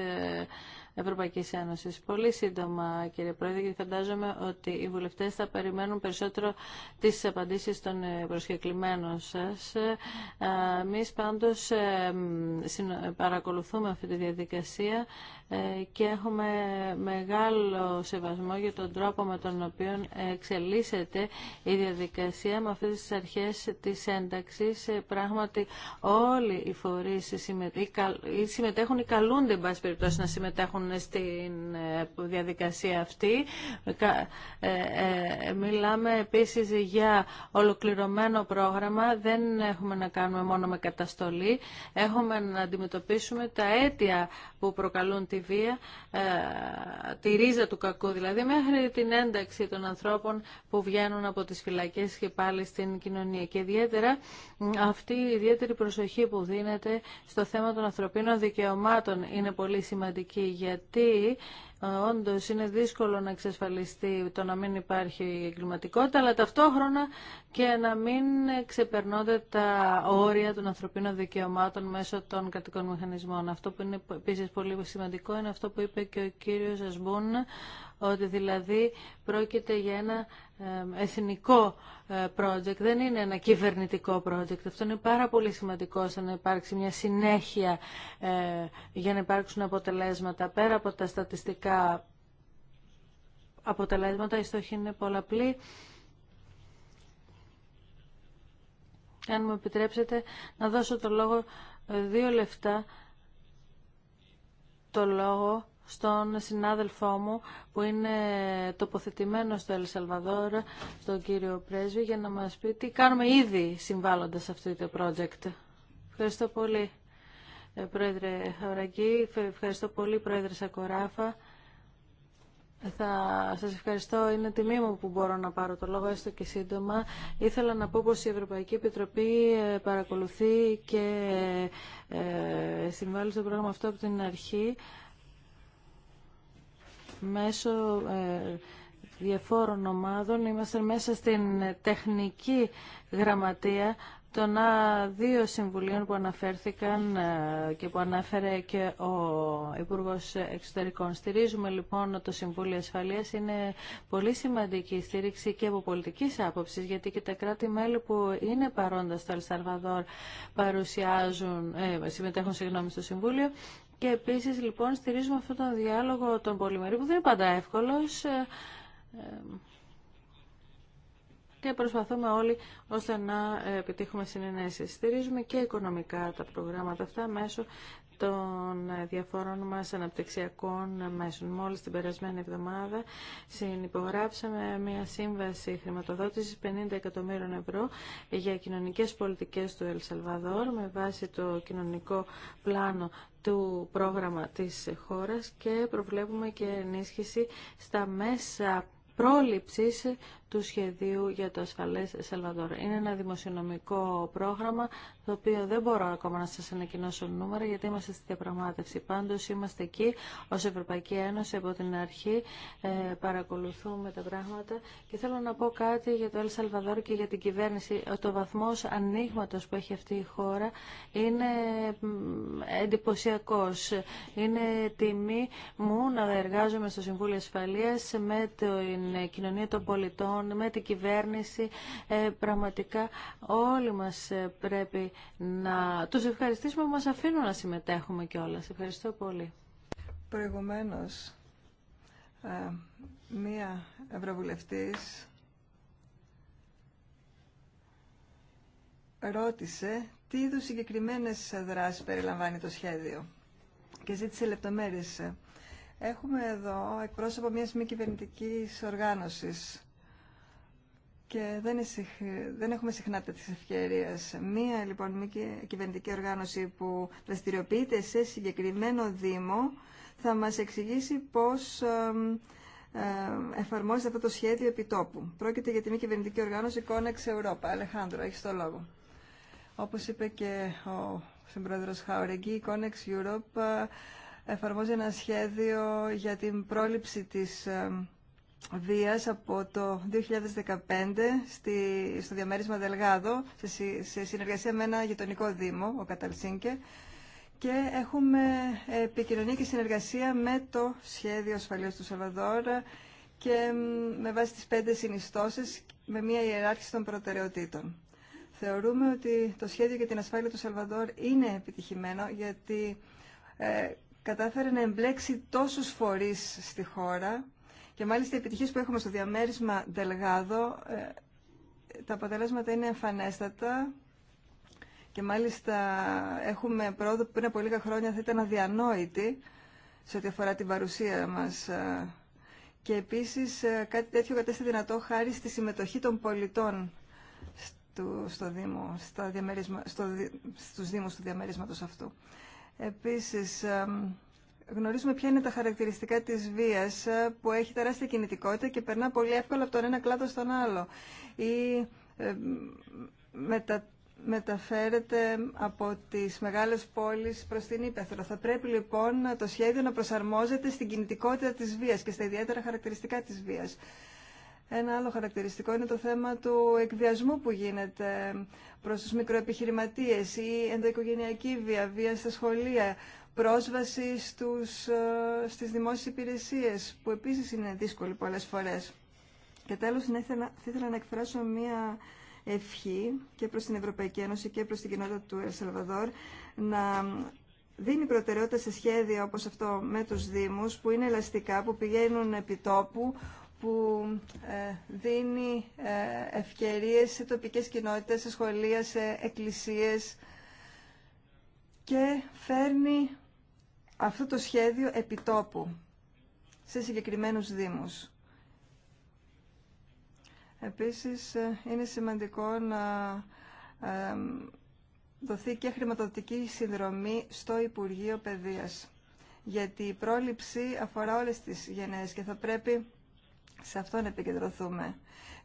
Ευρωπαϊκή Ένωση. Πολύ σύντομα, κύριε Πρόεδρε, και φαντάζομαι ότι οι βουλευτέ θα περιμένουν περισσότερο τι απαντήσει των ε, προσκεκλημένων σα. Ε, Εμεί πάντω ε, παρακολουθούμε αυτή τη διαδικασία και έχουμε μεγάλο σεβασμό για τον τρόπο με τον οποίο εξελίσσεται η διαδικασία με αυτές τις αρχές της ένταξης. Πράγματι όλοι οι φορείς συμμετέχουν ή καλούνται, εν πάση περιπτώσει, να συμμετέχουν στην ε, διαδικασία αυτή. Ε, ε, μιλάμε επίσης για ολοκληρωμένο πρόγραμμα. Δεν έχουμε να κάνουμε μόνο με καταστολή. Έχουμε να αντιμετωπίσουμε τα αίτια που προκαλούν τη βία, τη ρίζα του κακού δηλαδή, μέχρι την ένταξη των ανθρώπων που βγαίνουν από τις φυλακές και πάλι στην κοινωνία. Και ιδιαίτερα αυτή η ιδιαίτερη προσοχή που δίνεται στο θέμα των ανθρωπίνων δικαιωμάτων είναι πολύ σημαντική για γιατί Όντω είναι δύσκολο να εξασφαλιστεί το να μην υπάρχει εγκληματικότητα, αλλά ταυτόχρονα και να μην ξεπερνώνται τα όρια των ανθρωπίνων δικαιωμάτων μέσω των κρατικών μηχανισμών. Αυτό που είναι επίση πολύ σημαντικό είναι αυτό που είπε και ο κύριο Ασμπούν, ότι δηλαδή πρόκειται για ένα εθνικό ε, project, δεν είναι ένα κυβερνητικό project. Αυτό είναι πάρα πολύ σημαντικό ώστε να υπάρξει μια συνέχεια ε, για να υπάρξουν αποτελέσματα πέρα από τα στατιστικά αποτελέσματα. Οι στόχοι είναι πολλαπλή. Αν μου επιτρέψετε να δώσω το λόγο ε, δύο λεφτά το λόγο στον συνάδελφό μου που είναι τοποθετημένο στο Ελσαλβαδόρ, στον κύριο Πρέσβη, για να μας πει τι κάνουμε ήδη συμβάλλοντας σε αυτό το project. Ευχαριστώ πολύ, ε, Πρόεδρε Χαρακή. Ευχαριστώ πολύ, Πρόεδρε Σακοράφα. Θα σας ευχαριστώ. Είναι τιμή μου που μπορώ να πάρω το λόγο, έστω και σύντομα. Ήθελα να πω πως η Ευρωπαϊκή Επιτροπή ε, παρακολουθεί και ε, συμβάλλει στο πρόγραμμα αυτό από την αρχή μέσω ε, διαφόρων ομάδων. Είμαστε μέσα στην τεχνική γραμματεία των δύο συμβουλίων που αναφέρθηκαν ε, και που ανέφερε και ο Υπουργό Εξωτερικών. Στηρίζουμε λοιπόν το Συμβούλιο Ασφαλεία. Είναι πολύ σημαντική στήριξη και από πολιτική άποψη, γιατί και τα κράτη-μέλη που είναι παρόντα στο Ελσαρβαδόρ παρουσιάζουν, ε, συμμετέχουν συγγνώμη, στο Συμβούλιο και επίσης λοιπόν στηρίζουμε αυτόν τον διάλογο των πολυμερή που δεν είναι πάντα εύκολος. Ε, ε, και προσπαθούμε όλοι ώστε να ε, επιτύχουμε συνενέσεις. Στηρίζουμε και οικονομικά τα προγράμματα αυτά μέσω των ε, διαφόρων μας αναπτυξιακών μέσων. Μόλις την περασμένη εβδομάδα συνυπογράψαμε μια σύμβαση χρηματοδότησης 50 εκατομμύρων ευρώ για κοινωνικές πολιτικές του Ελσαλβαδόρ με βάση το κοινωνικό πλάνο του πρόγραμμα της χώρας και προβλέπουμε και ενίσχυση στα μέσα πρόληψης του σχεδίου για το ασφαλέ Σελβαδόρ. Είναι ένα δημοσιονομικό πρόγραμμα το οποίο δεν μπορώ ακόμα να σα ανακοινώσω νούμερα γιατί είμαστε στη διαπραγμάτευση. Πάντω είμαστε εκεί ω Ευρωπαϊκή Ένωση από την αρχή ε, παρακολουθούμε τα πράγματα και θέλω να πω κάτι για το Ελ και για την κυβέρνηση. Το βαθμό ανοίγματο που έχει αυτή η χώρα είναι εντυπωσιακό. Είναι τιμή μου να εργάζομαι στο Συμβούλιο ασφαλεία με την κοινωνία των πολιτών με την κυβέρνηση. Ε, πραγματικά όλοι μας ε, πρέπει να τους ευχαριστήσουμε που μας αφήνουν να συμμετέχουμε κιόλας. Ευχαριστώ πολύ. Προηγουμένως, ε, μία ευρωβουλευτής ρώτησε τι είδου συγκεκριμένε δράσει περιλαμβάνει το σχέδιο και ζήτησε λεπτομέρειε. Έχουμε εδώ εκπρόσωπο μια μη κυβερνητική οργάνωσης και δεν, δεν έχουμε συχνά τέτοιε ευκαιρίες. Μία λοιπόν μη κυβερνητική οργάνωση που δραστηριοποιείται σε συγκεκριμένο δήμο θα μας εξηγήσει πώς εφαρμόζεται αυτό το σχέδιο επιτόπου. Πρόκειται για τη μη κυβερνητική οργάνωση Conex Europa. Αλεχάνδρο, έχεις το λόγο. Όπως είπε και ο συμπρόεδρος Χαουρεγγί, η Conex Europe ε, εφαρμόζει ένα σχέδιο για την πρόληψη της βίας από το 2015 στο διαμέρισμα Δελγάδο σε, σε συνεργασία με ένα γειτονικό δήμο, ο Καταλσίνκε και έχουμε επικοινωνία και συνεργασία με το σχέδιο ασφαλείας του Σαλβαδόρ και με βάση τις πέντε συνιστώσεις με μια ιεράρχηση των προτεραιοτήτων. Θεωρούμε ότι το σχέδιο για την ασφάλεια του Σαλβαδόρ είναι επιτυχημένο γιατί ε, κατάφερε να εμπλέξει τόσους φορείς στη χώρα και μάλιστα οι επιτυχίες που έχουμε στο διαμέρισμα Δελγάδο, τα αποτελέσματα είναι εμφανέστατα και μάλιστα έχουμε πρόοδο που πριν από λίγα χρόνια θα ήταν αδιανόητη σε ό,τι αφορά την παρουσία μας. Ε, και επίσης ε, κάτι τέτοιο κατέστη δυνατό χάρη στη συμμετοχή των πολιτών στο Δήμο, στα διαμέρισμα, στο, στους Δήμους του διαμερίσματος αυτού. Επίσης, ε, γνωρίζουμε ποια είναι τα χαρακτηριστικά τη βία ε, που έχει τεράστια κινητικότητα και περνά πολύ εύκολα από τον ένα κλάδο στον άλλο ή ε, μετα, μεταφέρεται από τι μεγάλε πόλει προ την ύπεθρο. Θα πρέπει λοιπόν το σχέδιο να προσαρμόζεται στην κινητικότητα τη βία και στα ιδιαίτερα χαρακτηριστικά τη βία. Ένα άλλο χαρακτηριστικό είναι το θέμα του εκβιασμού που γίνεται προς τους μικροεπιχειρηματίες ή ενδοοικογενειακή βία, βία στα σχολεία πρόσβαση στους, ε, στις δημόσιες υπηρεσίες, που επίσης είναι δύσκολη πολλές φορές. Και τέλος, ναι, θα ήθελα, θα να εκφράσω μία ευχή και προς την Ευρωπαϊκή Ένωση και προς την κοινότητα του Ελσαλβαδόρ να δίνει προτεραιότητα σε σχέδια όπως αυτό με τους Δήμους που είναι ελαστικά, που πηγαίνουν επί τόπου, που ε, δίνει ε, ευκαιρίες σε τοπικές κοινότητες, σε σχολεία, σε εκκλησίες, και φέρνει αυτό το σχέδιο επιτόπου σε συγκεκριμένους δήμους. Επίσης, ε, είναι σημαντικό να ε, δοθεί και χρηματοδοτική συνδρομή στο Υπουργείο Παιδείας, γιατί η πρόληψη αφορά όλες τις γενναίες και θα πρέπει σε αυτόν επικεντρωθούμε.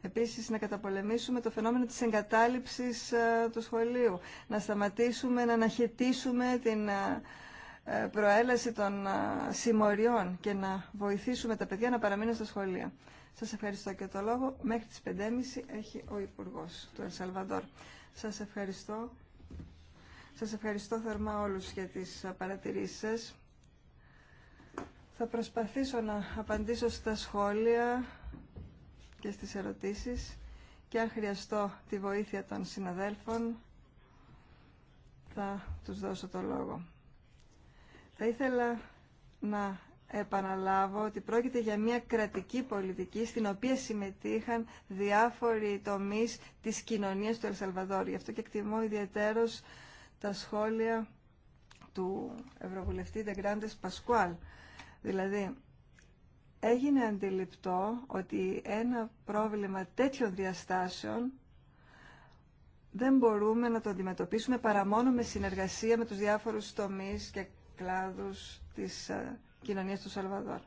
Επίσης, να καταπολεμήσουμε το φαινόμενο της εγκατάλειψης ε, του σχολείου. Να σταματήσουμε, να αναχαιτήσουμε την ε, ε, προέλαση των συμμοριών και να βοηθήσουμε τα παιδιά να παραμείνουν στα σχολεία. Σας ευχαριστώ και το λόγο. Μέχρι τις 5.30 έχει ο Υπουργός του Ελσαλβαδόρ. Σας ευχαριστώ. Σας ευχαριστώ θερμά όλους για τις παρατηρήσεις σας. Θα προσπαθήσω να απαντήσω στα σχόλια και στις ερωτήσεις και αν χρειαστώ τη βοήθεια των συναδέλφων θα τους δώσω το λόγο. Θα ήθελα να επαναλάβω ότι πρόκειται για μια κρατική πολιτική στην οποία συμμετείχαν διάφοροι τομείς της κοινωνίας του Ελσαλβαδόρ. Γι' αυτό και εκτιμώ ιδιαίτερος τα σχόλια του Ευρωβουλευτή Ντεγκράντες Πασκουάλ Δηλαδή, έγινε αντιληπτό ότι ένα πρόβλημα τέτοιων διαστάσεων δεν μπορούμε να το αντιμετωπίσουμε παρά μόνο με συνεργασία με τους διάφορους τομείς και κλάδους της ε, κοινωνίας του Σαλβαδόρ.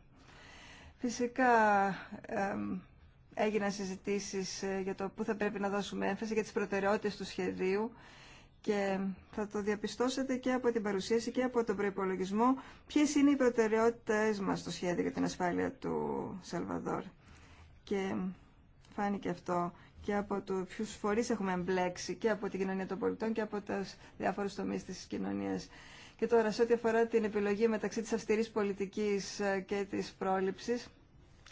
Φυσικά έγιναν συζητήσεις ε, για το πού θα πρέπει να δώσουμε έμφαση για τις προτεραιότητες του σχεδίου και θα το διαπιστώσετε και από την παρουσίαση και από τον προπολογισμό ποιε είναι οι προτεραιότητες μας στο σχέδιο για την ασφάλεια του Σαλβαδόρ. Και φάνηκε αυτό και από το ποιου φορεί έχουμε εμπλέξει και από την κοινωνία των πολιτών και από τα διάφορου τομείς τη κοινωνία. Και τώρα, σε ό,τι αφορά την επιλογή μεταξύ της αυστηρής πολιτικής ε, και της πρόληψης,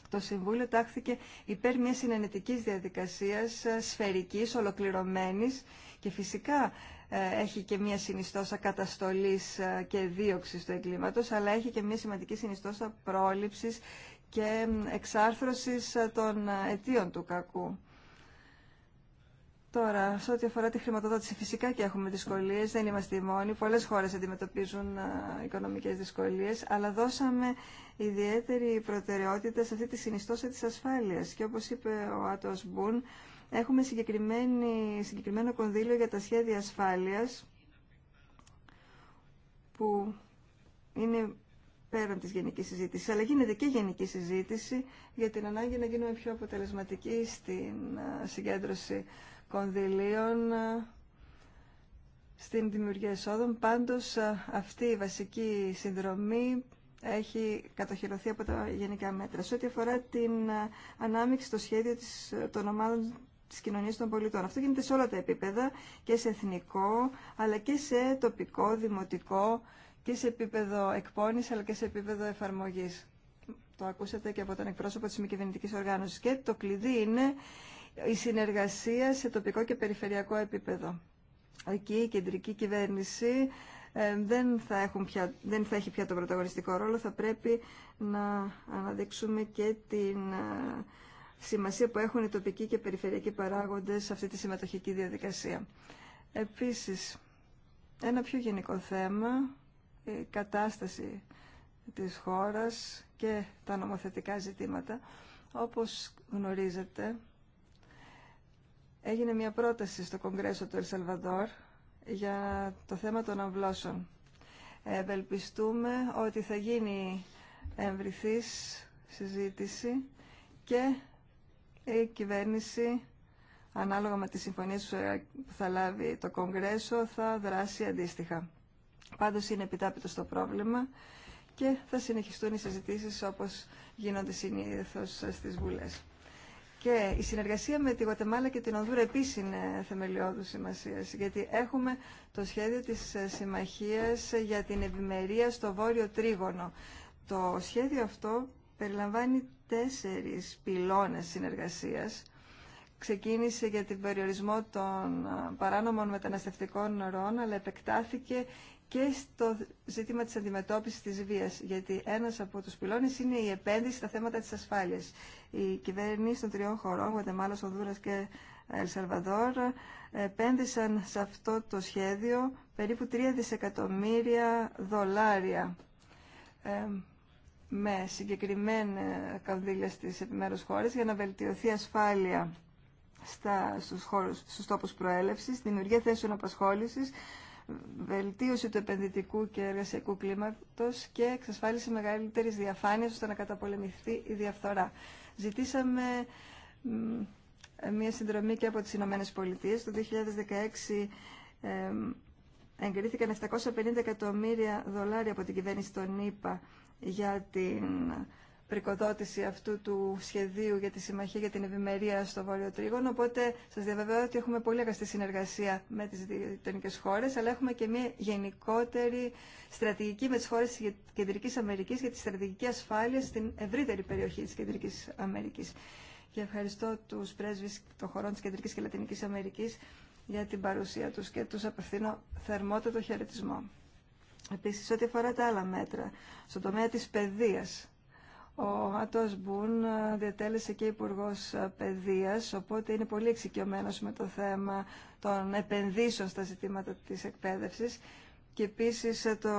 το Συμβούλιο τάχθηκε υπέρ μια συνενετικής διαδικασία, ε, σφαιρικής ολοκληρωμένη και φυσικά ε, έχει και μια συνιστόσα καταστολής ε, και δίωξης του εγκλήματος, αλλά έχει και μια σημαντική συνιστόσα πρόληψης και εξάρθρωσης ε, των αιτίων του κακού. Τώρα, σε ό,τι αφορά τη χρηματοδότηση, φυσικά και έχουμε δυσκολίε, δεν είμαστε οι μόνοι. Πολλέ χώρε αντιμετωπίζουν οικονομικέ δυσκολίε, αλλά δώσαμε ιδιαίτερη προτεραιότητα σε αυτή τη συνιστόσα τη ασφάλεια. Και όπω είπε ο Άτο Μπούν, Έχουμε συγκεκριμένο κονδύλιο για τα σχέδια ασφάλειας που είναι πέραν της γενικής συζήτησης, αλλά γίνεται και γενική συζήτηση για την ανάγκη να γίνουμε πιο αποτελεσματικοί στην συγκέντρωση κονδυλίων, στην δημιουργία εσόδων. Πάντως αυτή η βασική συνδρομή έχει κατοχυρωθεί από τα γενικά μέτρα. Σε ό,τι αφορά την ανάμειξη στο σχέδιο των ομάδων της κοινωνίας των πολιτών. Αυτό γίνεται σε όλα τα επίπεδα και σε εθνικό αλλά και σε τοπικό, δημοτικό και σε επίπεδο εκπόνηση αλλά και σε επίπεδο εφαρμογής. Το ακούσατε και από τον εκπρόσωπο της μη κυβερνητικής οργάνωσης και το κλειδί είναι η συνεργασία σε τοπικό και περιφερειακό επίπεδο. Εκεί η κεντρική κυβέρνηση ε, δεν, θα έχουν πια, δεν θα έχει πια τον πρωταγωνιστικό ρόλο, θα πρέπει να αναδείξουμε και την ε, σημασία που έχουν οι τοπικοί και περιφερειακοί παράγοντες σε αυτή τη συμμετοχική διαδικασία. Επίσης, ένα πιο γενικό θέμα, η κατάσταση της χώρας και τα νομοθετικά ζητήματα. Όπως γνωρίζετε, έγινε μια πρόταση στο Κογκρέσο του Ελσαλβαδόρ για το θέμα των αμβλώσεων. Ευελπιστούμε ότι θα γίνει εμβριθής συζήτηση και η κυβέρνηση ανάλογα με τις συμφωνίες που θα λάβει το Κογκρέσο θα δράσει αντίστοιχα. Πάντως είναι επιτάπητο το πρόβλημα και θα συνεχιστούν οι συζητήσεις όπως γίνονται συνήθως στις Βουλές. Και η συνεργασία με τη Γουατεμάλα και την Ονδούρα επίσης είναι θεμελιώδου σημασία, γιατί έχουμε το σχέδιο της συμμαχίας για την ευημερία στο Βόρειο Τρίγωνο. Το σχέδιο αυτό περιλαμβάνει τέσσερις πυλώνες συνεργασίας. Ξεκίνησε για την περιορισμό των παράνομων μεταναστευτικών ροών, αλλά επεκτάθηκε και στο ζήτημα της αντιμετώπισης της βίας, γιατί ένας από τους πυλώνες είναι η επένδυση στα θέματα της ασφάλειας. Οι κυβέρνηση των τριών χωρών, Γουατεμάλα, Οδούρα και Ελσαλβαδόρ, επένδυσαν σε αυτό το σχέδιο περίπου 3 δισεκατομμύρια δολάρια με συγκεκριμένα κονδύλια στις επιμέρους χώρες για να βελτιωθεί ασφάλεια στα, στους, χώρους, τόπους προέλευσης, δημιουργία θέσεων απασχόλησης, βελτίωση του επενδυτικού και εργασιακού κλίματος και εξασφάλιση μεγαλύτερης διαφάνειας ώστε να καταπολεμηθεί η διαφθορά. Ζητήσαμε μια συνδρομή και από τις Ηνωμένες Πολιτείες. Το 2016 εγκρίθηκαν 750 εκατομμύρια δολάρια από την κυβέρνηση των ΗΠΑ για την πρικοδότηση αυτού του σχεδίου για τη Συμμαχία για την Ευημερία στο Βόρειο Τρίγωνο. Οπότε σα διαβεβαιώ ότι έχουμε πολύ αγαστή συνεργασία με τι γειτονικέ χώρε, αλλά έχουμε και μια γενικότερη στρατηγική με τι χώρε τη Κεντρική Αμερική για τη στρατηγική ασφάλεια στην ευρύτερη περιοχή τη Κεντρική Αμερική. Και ευχαριστώ του πρέσβει των χωρών τη Κεντρική και Λατινική Αμερική για την παρουσία του και του απευθύνω θερμότατο χαιρετισμό. Επίσης, ό,τι αφορά τα άλλα μέτρα, στον τομέα της παιδείας, ο Άτος Μπούν ε, διατέλεσε και υπουργό ε, Παιδείας, οπότε είναι πολύ εξοικειωμένο με το θέμα των επενδύσεων στα ζητήματα της εκπαίδευσης και επίσης ε, το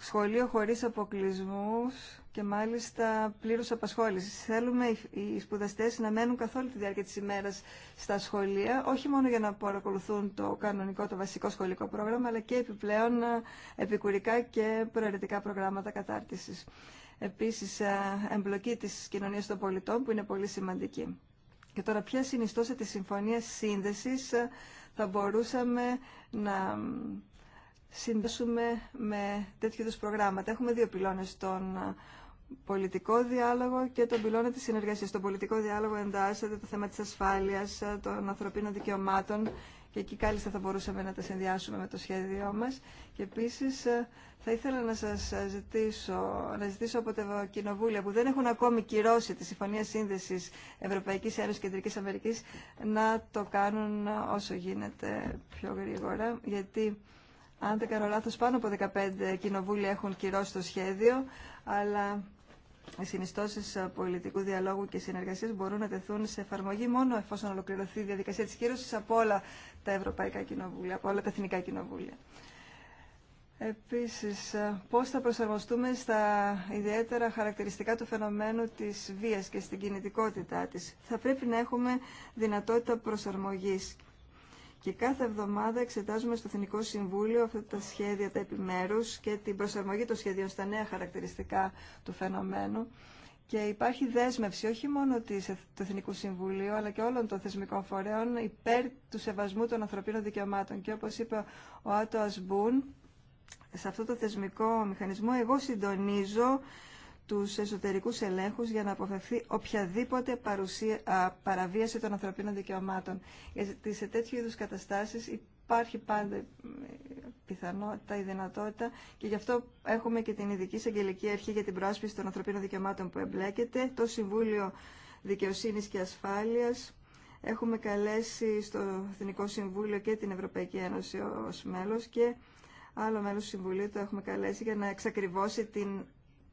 σχολείο χωρίς αποκλεισμούς και μάλιστα πλήρους απασχόληση. Θέλουμε οι σπουδαστές να μένουν καθ' όλη τη διάρκεια της ημέρας στα σχολεία, όχι μόνο για να παρακολουθούν το κανονικό, το βασικό σχολικό πρόγραμμα, αλλά και επιπλέον ε, επικουρικά και προαιρετικά προγράμματα κατάρτισης. Επίσης, ε, εμπλοκή της κοινωνίας των πολιτών, που είναι πολύ σημαντική. Και τώρα, ποια συνιστόσα τη Συμφωνία σύνδεση ε, θα μπορούσαμε να συνδέσουμε με τέτοιου είδους προγράμματα. Έχουμε δύο πυλώνες των πολιτικό διάλογο και τον πυλώνα της συνεργασίας. Στον πολιτικό διάλογο εντάσσεται το θέμα της ασφάλειας, των ανθρωπίνων δικαιωμάτων και εκεί κάλλιστα θα μπορούσαμε να τα συνδυάσουμε με το σχέδιό μας. Και επίσης ε, θα ήθελα να σας ζητήσω, να ζητήσω από τα κοινοβούλια που δεν έχουν ακόμη κυρώσει τη Συμφωνία Σύνδεσης Ευρωπαϊκής Ένωσης Κεντρικής Αμερικής να το κάνουν όσο γίνεται πιο γρήγορα, γιατί αν δεν κάνω λάθος πάνω από 15 κοινοβούλια έχουν κυρώσει το σχέδιο, αλλά οι συνιστώσει ε, πολιτικού διαλόγου και συνεργασίας μπορούν να τεθούν σε εφαρμογή μόνο εφόσον ολοκληρωθεί η διαδικασία της κύρωσης από όλα τα ευρωπαϊκά κοινοβούλια, από όλα τα εθνικά κοινοβούλια. Επίσης, ε, πώς θα προσαρμοστούμε στα ιδιαίτερα χαρακτηριστικά του φαινομένου τη βία και στην κινητικότητά τη, Θα πρέπει να έχουμε δυνατότητα προσαρμογή. Και κάθε εβδομάδα εξετάζουμε στο Εθνικό Συμβούλιο αυτά τα σχέδια, τα επιμέρους και την προσαρμογή των σχεδίων στα νέα χαρακτηριστικά του φαινομένου. Και υπάρχει δέσμευση όχι μόνο της, του Εθνικού Συμβουλίου, αλλά και όλων των θεσμικών φορέων υπέρ του σεβασμού των ανθρωπίνων δικαιωμάτων. Και όπως είπε ο Άτο Ασμπούν, σε αυτό το θεσμικό μηχανισμό εγώ συντονίζω τους εσωτερικούς ελέγχους για να αποφευθεί οποιαδήποτε παρουσία, παραβίαση των ανθρωπίνων δικαιωμάτων. Γιατί σε τέτοιου είδους καταστάσεις υπάρχει πάντα πιθανότητα ή δυνατότητα και γι' αυτό έχουμε και την Ειδική Συγγελική Αρχή για την Πρόσπιση των Ανθρωπίνων Δικαιωμάτων που εμπλέκεται, το Συμβούλιο Δικαιοσύνης και Ασφάλειας. Έχουμε καλέσει στο Εθνικό Συμβούλιο και την Ευρωπαϊκή Ένωση ως μέλος και άλλο μέλος του Συμβουλίου το έχουμε καλέσει για να εξακριβώσει την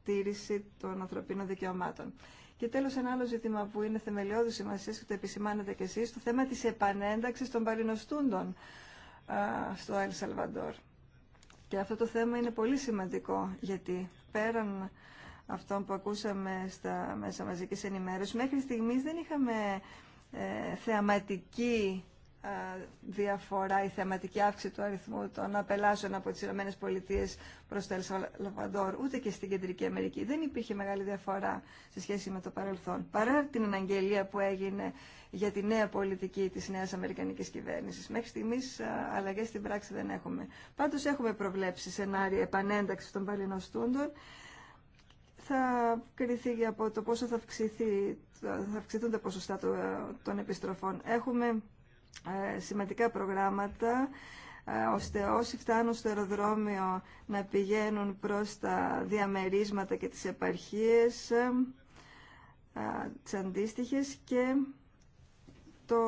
τήρηση των ανθρωπίνων δικαιωμάτων. Και τέλο, ένα άλλο ζήτημα που είναι θεμελιώδη σημασία και το επισημάνετε κι εσεί, το θέμα τη επανένταξη των παρινοστούντων στο Ελ Σαλβαντόρ. Και αυτό το θέμα είναι πολύ σημαντικό, γιατί πέραν αυτών που ακούσαμε στα μέσα μαζική ενημέρωση, μέχρι στιγμή δεν είχαμε ε, θεαματική διαφορά η θεματική αύξηση του αριθμού των απελάσεων από τι Ηνωμένες Πολιτείες προς το Ελσαλβαδόρ, ούτε και στην Κεντρική Αμερική. Δεν υπήρχε μεγάλη διαφορά σε σχέση με το παρελθόν, παρά την αναγγελία που έγινε για τη νέα πολιτική τη νέα Αμερικανική κυβέρνηση, Μέχρι στιγμής ε, αλλαγέ στην πράξη δεν έχουμε. Πάντω έχουμε προβλέψει σενάρια επανένταξη των παλινοστούντων θα κριθεί από το πόσο θα, αυξηθεί, θα αυξηθούν τα ποσοστά ε, των επιστροφών. Έχουμε ε, σημαντικά προγράμματα ε, ώστε όσοι φτάνουν στο αεροδρόμιο να πηγαίνουν προς τα διαμερίσματα και τις επαρχίες ε, τις αντίστοιχες και το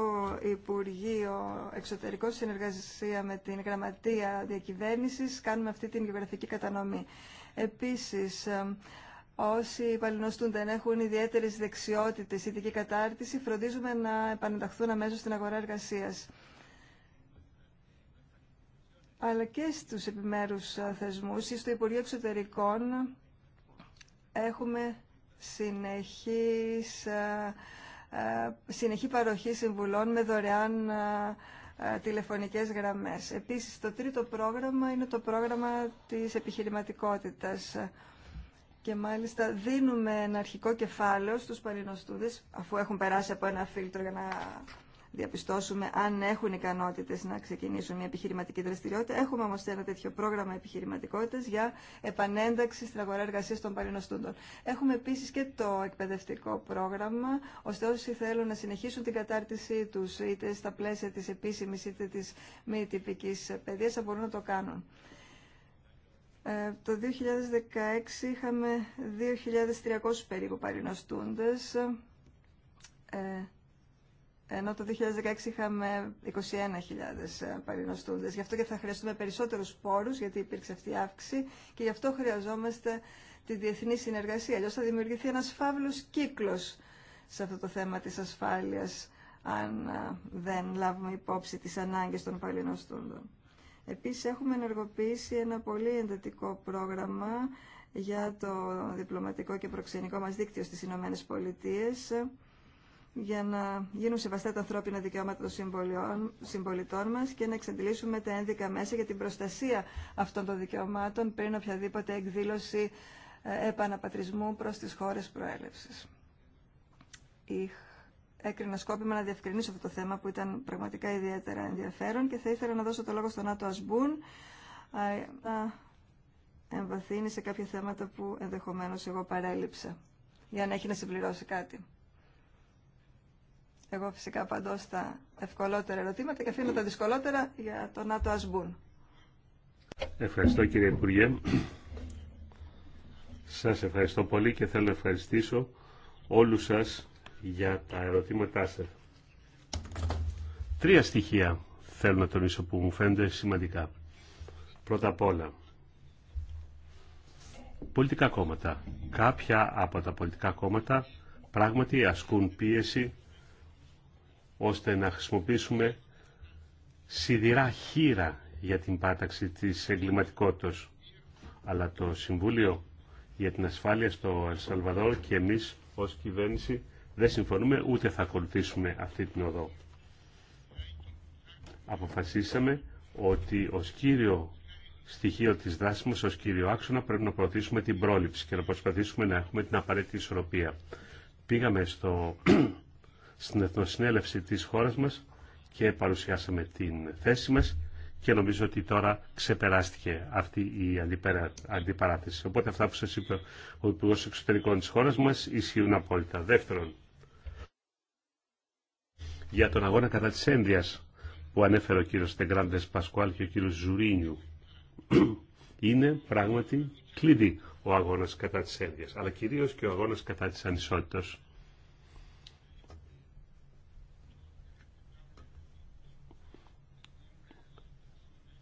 Υπουργείο Εξωτερικών συνεργασία με την Γραμματεία Διακυβέρνησης κάνουμε αυτή την γεωγραφική κατανομή. Επίσης, Όσοι υπαλληνοστούν δεν έχουν ιδιαίτερε δεξιότητε, δική κατάρτιση, φροντίζουμε να επανενταχθούν αμέσω στην αγορά εργασία. Αλλά και στου επιμέρου θεσμού ή στο Υπουργείο Εξωτερικών έχουμε συνεχής, συνεχή παροχή συμβουλών με δωρεάν τηλεφωνικές γραμμές. Επίσης, το τρίτο πρόγραμμα είναι το πρόγραμμα της επιχειρηματικότητας και μάλιστα δίνουμε ένα αρχικό κεφάλαιο στους παλινοστούδες αφού έχουν περάσει από ένα φίλτρο για να διαπιστώσουμε αν έχουν ικανότητες να ξεκινήσουν μια επιχειρηματική δραστηριότητα. Έχουμε όμως ένα τέτοιο πρόγραμμα επιχειρηματικότητας για επανένταξη στην αγορά εργασίας των παλινοστούντων. Έχουμε επίσης και το εκπαιδευτικό πρόγραμμα, ώστε όσοι θέλουν να συνεχίσουν την κατάρτισή τους, είτε στα πλαίσια της επίσημης είτε της μη τυπικής παιδείας, θα μπορούν να το κάνουν. Ε, το 2016 είχαμε 2.300 περίπου παρινοστούντες, ε, ενώ το 2016 είχαμε 21.000 ε, παρινοστούντες. Γι' αυτό και θα χρειαστούμε περισσότερους πόρους, γιατί υπήρξε αυτή η αύξηση και γι' αυτό χρειαζόμαστε τη διεθνή συνεργασία. Αλλιώς θα δημιουργηθεί ένας φαύλος κύκλος σε αυτό το θέμα της ασφάλειας, αν δεν λάβουμε υπόψη τις ανάγκες των παρινοστούντων. Επίσης έχουμε ενεργοποιήσει ένα πολύ εντατικό πρόγραμμα για το διπλωματικό και προξενικό μας δίκτυο στις Ηνωμένες Πολιτείες για να γίνουν σεβαστά τα ανθρώπινα δικαιώματα των συμπολιτών μας και να εξαντλήσουμε τα ένδικα μέσα για την προστασία αυτών των δικαιωμάτων πριν οποιαδήποτε εκδήλωση ε, επαναπατρισμού προς τις χώρες προέλευσης έκρινα σκόπιμα να διευκρινίσω αυτό το θέμα που ήταν πραγματικά ιδιαίτερα ενδιαφέρον και θα ήθελα να δώσω το λόγο στον Άτο Ασμπούν να εμβαθύνει σε κάποια θέματα που ενδεχομένως εγώ παρέλειψα για να έχει να συμπληρώσει κάτι. Εγώ φυσικά απαντώ στα ευκολότερα ερωτήματα και αφήνω τα δυσκολότερα για τον Άτο Ασμπούν. Ευχαριστώ κύριε Υπουργέ. Σας ευχαριστώ πολύ και θέλω να ευχαριστήσω όλους σας για τα ερωτήματά σας. Τρία στοιχεία θέλω να τονίσω που μου φαίνονται σημαντικά. Πρώτα απ' όλα, πολιτικά κόμματα. Κάποια από τα πολιτικά κόμματα πράγματι ασκούν πίεση ώστε να χρησιμοποιήσουμε σιδηρά χείρα για την πάταξη της εγκληματικότητας. Αλλά το Συμβούλιο για την Ασφάλεια στο Ελσαλβαδόρ και εμείς ως κυβέρνηση δεν συμφωνούμε ούτε θα ακολουθήσουμε αυτή την οδό. Αποφασίσαμε ότι ως κύριο στοιχείο της δράσης μας, ως κύριο άξονα πρέπει να προωθήσουμε την πρόληψη και να προσπαθήσουμε να έχουμε την απαραίτητη ισορροπία. Πήγαμε στο, στην Εθνοσυνέλευση της χώρας μας και παρουσιάσαμε την θέση μας και νομίζω ότι τώρα ξεπεράστηκε αυτή η αντιπαράθεση. Οπότε αυτά που σας είπε ο Υπουργός Εξωτερικών της χώρας μας ισχύουν απόλυτα. Δεύτερον, για τον αγώνα κατά της ένδυας που ανέφερε ο κύριος Τεγκράντες Πασκουάλ και ο κύριος Ζουρίνιου. Είναι πράγματι κλειδί ο αγώνας κατά της ένδυας, αλλά κυρίως και ο αγώνας κατά της ανισότητας.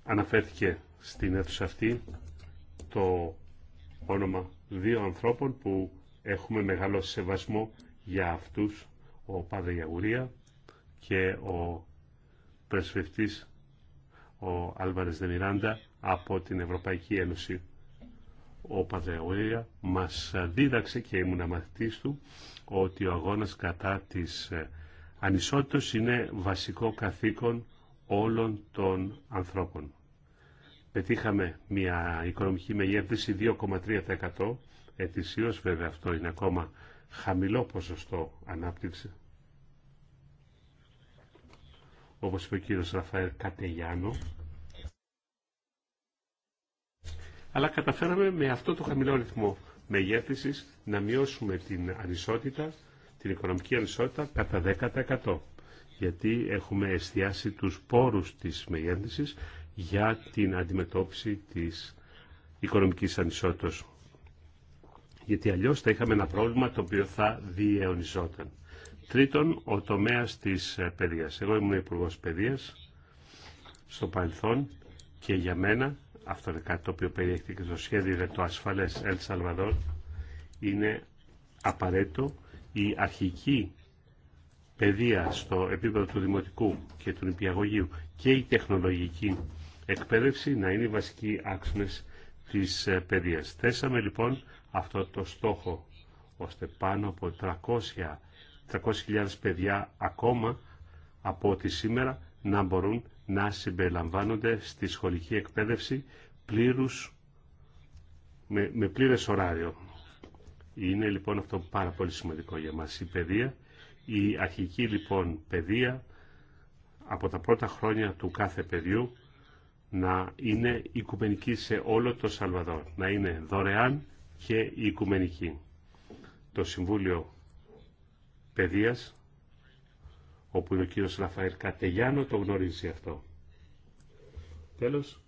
Αναφέρθηκε στην αίθουσα αυτή το όνομα δύο ανθρώπων που έχουμε μεγάλο σεβασμό για αυτούς, ο Πάδε Γιαγουρία και ο πρεσβευτής ο Άλβαρες Δεμιράντα από την Ευρωπαϊκή Ένωση. Ο Παδεωρία μας δίδαξε και ήμουν μαθητής του ότι ο αγώνας κατά της ε, ανισότητας είναι βασικό καθήκον όλων των ανθρώπων. Πετύχαμε μια οικονομική μεγέθυνση 2,3% ετησίως, βέβαια αυτό είναι ακόμα χαμηλό ποσοστό ανάπτυξη όπως είπε ο κύριος Ραφαέλ Αλλά καταφέραμε με αυτό το χαμηλό ρυθμό μεγέθυνσης να μειώσουμε την ανισότητα, την οικονομική ανισότητα κατά 10% γιατί έχουμε εστιάσει τους πόρους της μεγέθυνσης για την αντιμετώπιση της οικονομικής ανισότητας. Γιατί αλλιώς θα είχαμε ένα πρόβλημα το οποίο θα διαιωνιζόταν. Τρίτον, ο τομέας της ε, παιδείας. Εγώ ήμουν υπουργό παιδείας στο παρελθόν και για μένα, αυτό είναι κάτι το οποίο περιέχεται και στο σχέδιο για το ασφαλές Ελ Σαλβαδόρ, είναι απαραίτητο η αρχική παιδεία στο επίπεδο του δημοτικού και του νηπιαγωγείου και η τεχνολογική εκπαίδευση να είναι οι βασικοί άξονες της ε, παιδείας. Θέσαμε λοιπόν αυτό το στόχο ώστε πάνω από 300 300.000 παιδιά ακόμα από ότι σήμερα να μπορούν να συμπεριλαμβάνονται στη σχολική εκπαίδευση πλήρους, με, με πλήρες ωράριο. Είναι λοιπόν αυτό πάρα πολύ σημαντικό για μας η παιδεία. Η αρχική λοιπόν παιδεία από τα πρώτα χρόνια του κάθε παιδιού να είναι οικουμενική σε όλο το Σαλβαδόρ, να είναι δωρεάν και οικουμενική. Το Συμβούλιο Παιδείας, όπου είναι ο κύριος Ραφαήλ το γνωρίζει αυτό. Τέλος,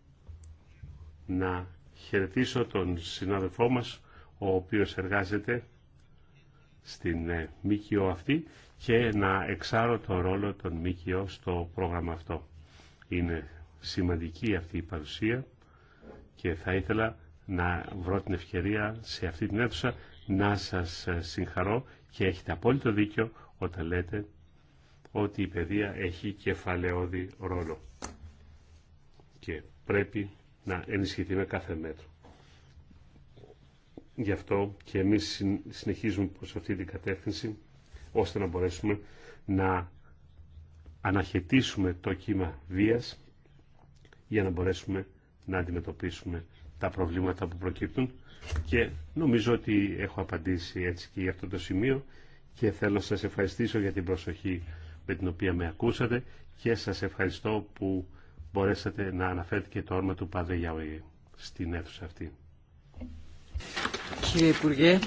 να χαιρετήσω τον συνάδελφό μας, ο οποίος εργάζεται στην ε, ΜΚΟ αυτή και να εξάρω τον ρόλο των ΜΚΟ στο πρόγραμμα αυτό. Είναι σημαντική αυτή η παρουσία και θα ήθελα να βρω την ευκαιρία σε αυτή την αίθουσα να σας ε, συγχαρώ και έχετε απόλυτο δίκιο όταν λέτε ότι η παιδεία έχει κεφαλαιόδη ρόλο και πρέπει να ενισχυθεί με κάθε μέτρο. Γι' αυτό και εμείς συνεχίζουμε προς αυτή την κατεύθυνση ώστε να μπορέσουμε να αναχαιτήσουμε το κύμα βίας για να μπορέσουμε να αντιμετωπίσουμε τα προβλήματα που προκύπτουν και νομίζω ότι έχω απαντήσει έτσι και για αυτό το σημείο και θέλω να σας ευχαριστήσω για την προσοχή με την οποία με ακούσατε και σας ευχαριστώ που μπορέσατε να αναφέρετε και το όρμα του Πάδρε στην αίθουσα αυτή. Κύριε Υπουργέ,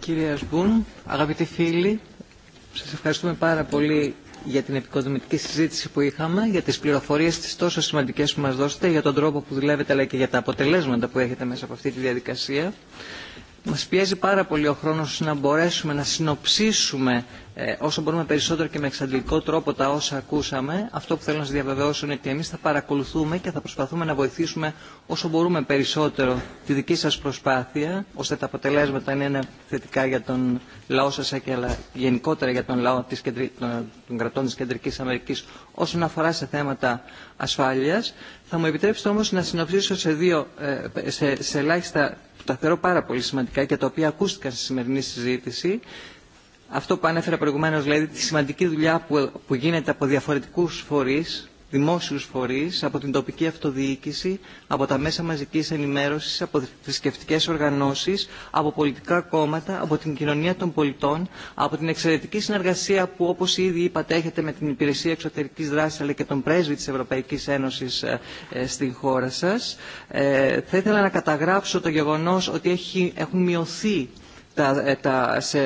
κύριε Ασμπούν, αγαπητοί φίλοι, σας ευχαριστούμε πάρα πολύ για την επικοδομητική συζήτηση που είχαμε, για τις πληροφορίες τις τόσο σημαντικές που μας δώσετε, για τον τρόπο που δουλεύετε αλλά και για τα αποτελέσματα που έχετε μέσα από αυτή τη διαδικασία. Μας πιέζει πάρα πολύ ο χρόνος να μπορέσουμε να συνοψίσουμε ε, όσο μπορούμε περισσότερο και με εξαντλητικό τρόπο τα όσα ακούσαμε. Αυτό που θέλω να σας διαβεβαιώσω είναι ότι εμείς θα παρακολουθούμε και θα προσπαθούμε να βοηθήσουμε όσο μπορούμε περισσότερο τη δική σας προσπάθεια, ώστε τα αποτελέσματα να είναι θετικά για τον λαό σας και αλλά γενικότερα για τον λαό της κεντρι... των κρατών της Κεντρικής Αμερικής όσον αφορά σε θέματα ασφάλειας. Θα μου επιτρέψετε όμως να συνοψίσω σε δύο, ε, σε, σε ελάχιστα που τα θεωρώ πάρα πολύ σημαντικά και τα οποία ακούστηκαν στη σημερινή συζήτηση. Αυτό που ανέφερα προηγουμένως, δηλαδή τη σημαντική δουλειά που, που γίνεται από διαφορετικούς φορείς, δημόσιους φορείς, από την τοπική αυτοδιοίκηση, από τα μέσα μαζικής ενημέρωσης, από θρησκευτικέ οργανώσεις, από πολιτικά κόμματα, από την κοινωνία των πολιτών, από την εξαιρετική συνεργασία που όπως ήδη είπατε έχετε με την Υπηρεσία Εξωτερικής Δράσης αλλά και τον πρέσβη της Ευρωπαϊκής Ένωσης ε, ε, στην χώρα σας. Ε, θα ήθελα να καταγράψω το γεγονός ότι έχουν μειωθεί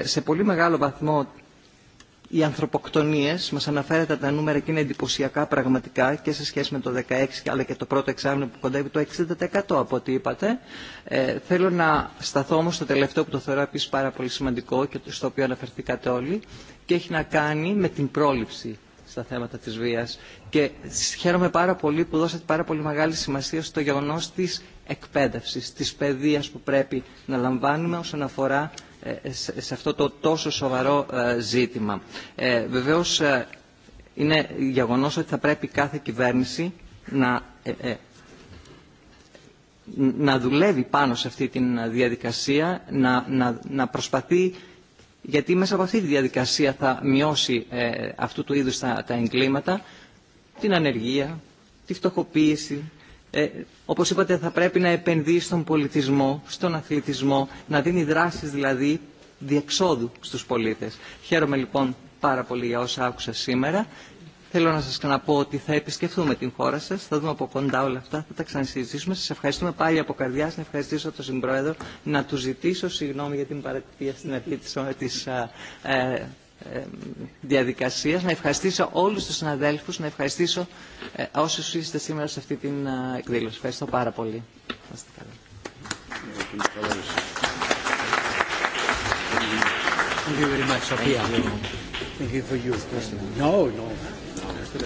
σε πολύ μεγάλο βαθμό οι ανθρωποκτονίε, μα αναφέρεται τα νούμερα και είναι εντυπωσιακά πραγματικά και σε σχέση με το 2016 αλλά και το πρώτο εξάμεινο που κοντεύει το 60% από ό,τι είπατε. Ε, θέλω να σταθώ όμω στο τελευταίο που το θεωρώ επίσης πάρα πολύ σημαντικό και στο οποίο αναφερθήκατε όλοι και έχει να κάνει με την πρόληψη στα θέματα της βίας. Και χαίρομαι πάρα πολύ που δώσατε πάρα πολύ μεγάλη σημασία στο γεγονός της εκπαίδευσης, της παιδείας που πρέπει να λαμβάνουμε όσον αφορά ε, σε αυτό το τόσο σοβαρό ε, ζήτημα. Ε, βεβαίως είναι γεγονός ότι θα πρέπει κάθε κυβέρνηση να να δουλεύει πάνω σε αυτή τη διαδικασία, να, να, να προσπαθεί, γιατί μέσα από αυτή τη διαδικασία θα μειώσει αυτού του είδους τα, τα εγκλήματα, την ανεργία, τη φτωχοποίηση, ε, όπως είπατε θα πρέπει να επενδύει στον πολιτισμό, στον αθλητισμό, να δίνει δράσεις δηλαδή διεξόδου στους πολίτες. Χαίρομαι λοιπόν πάρα πολύ για όσα άκουσα σήμερα. Θέλω να σας ξαναπώ ότι θα επισκεφθούμε την χώρα σας, θα δούμε από κοντά όλα αυτά, θα τα ξανασυζητήσουμε. Σας ευχαριστούμε πάλι από καρδιάς, να ευχαριστήσω τον Συμπρόεδρο, να του ζητήσω συγγνώμη για την παρατηρία στην αρχή της, της ε, διαδικασίας. Να ευχαριστήσω όλους τους συναδέλφους, να ευχαριστήσω ε, όσους είστε σήμερα σε αυτή την ε, εκδήλωση. Ευχαριστώ πάρα πολύ. Thank you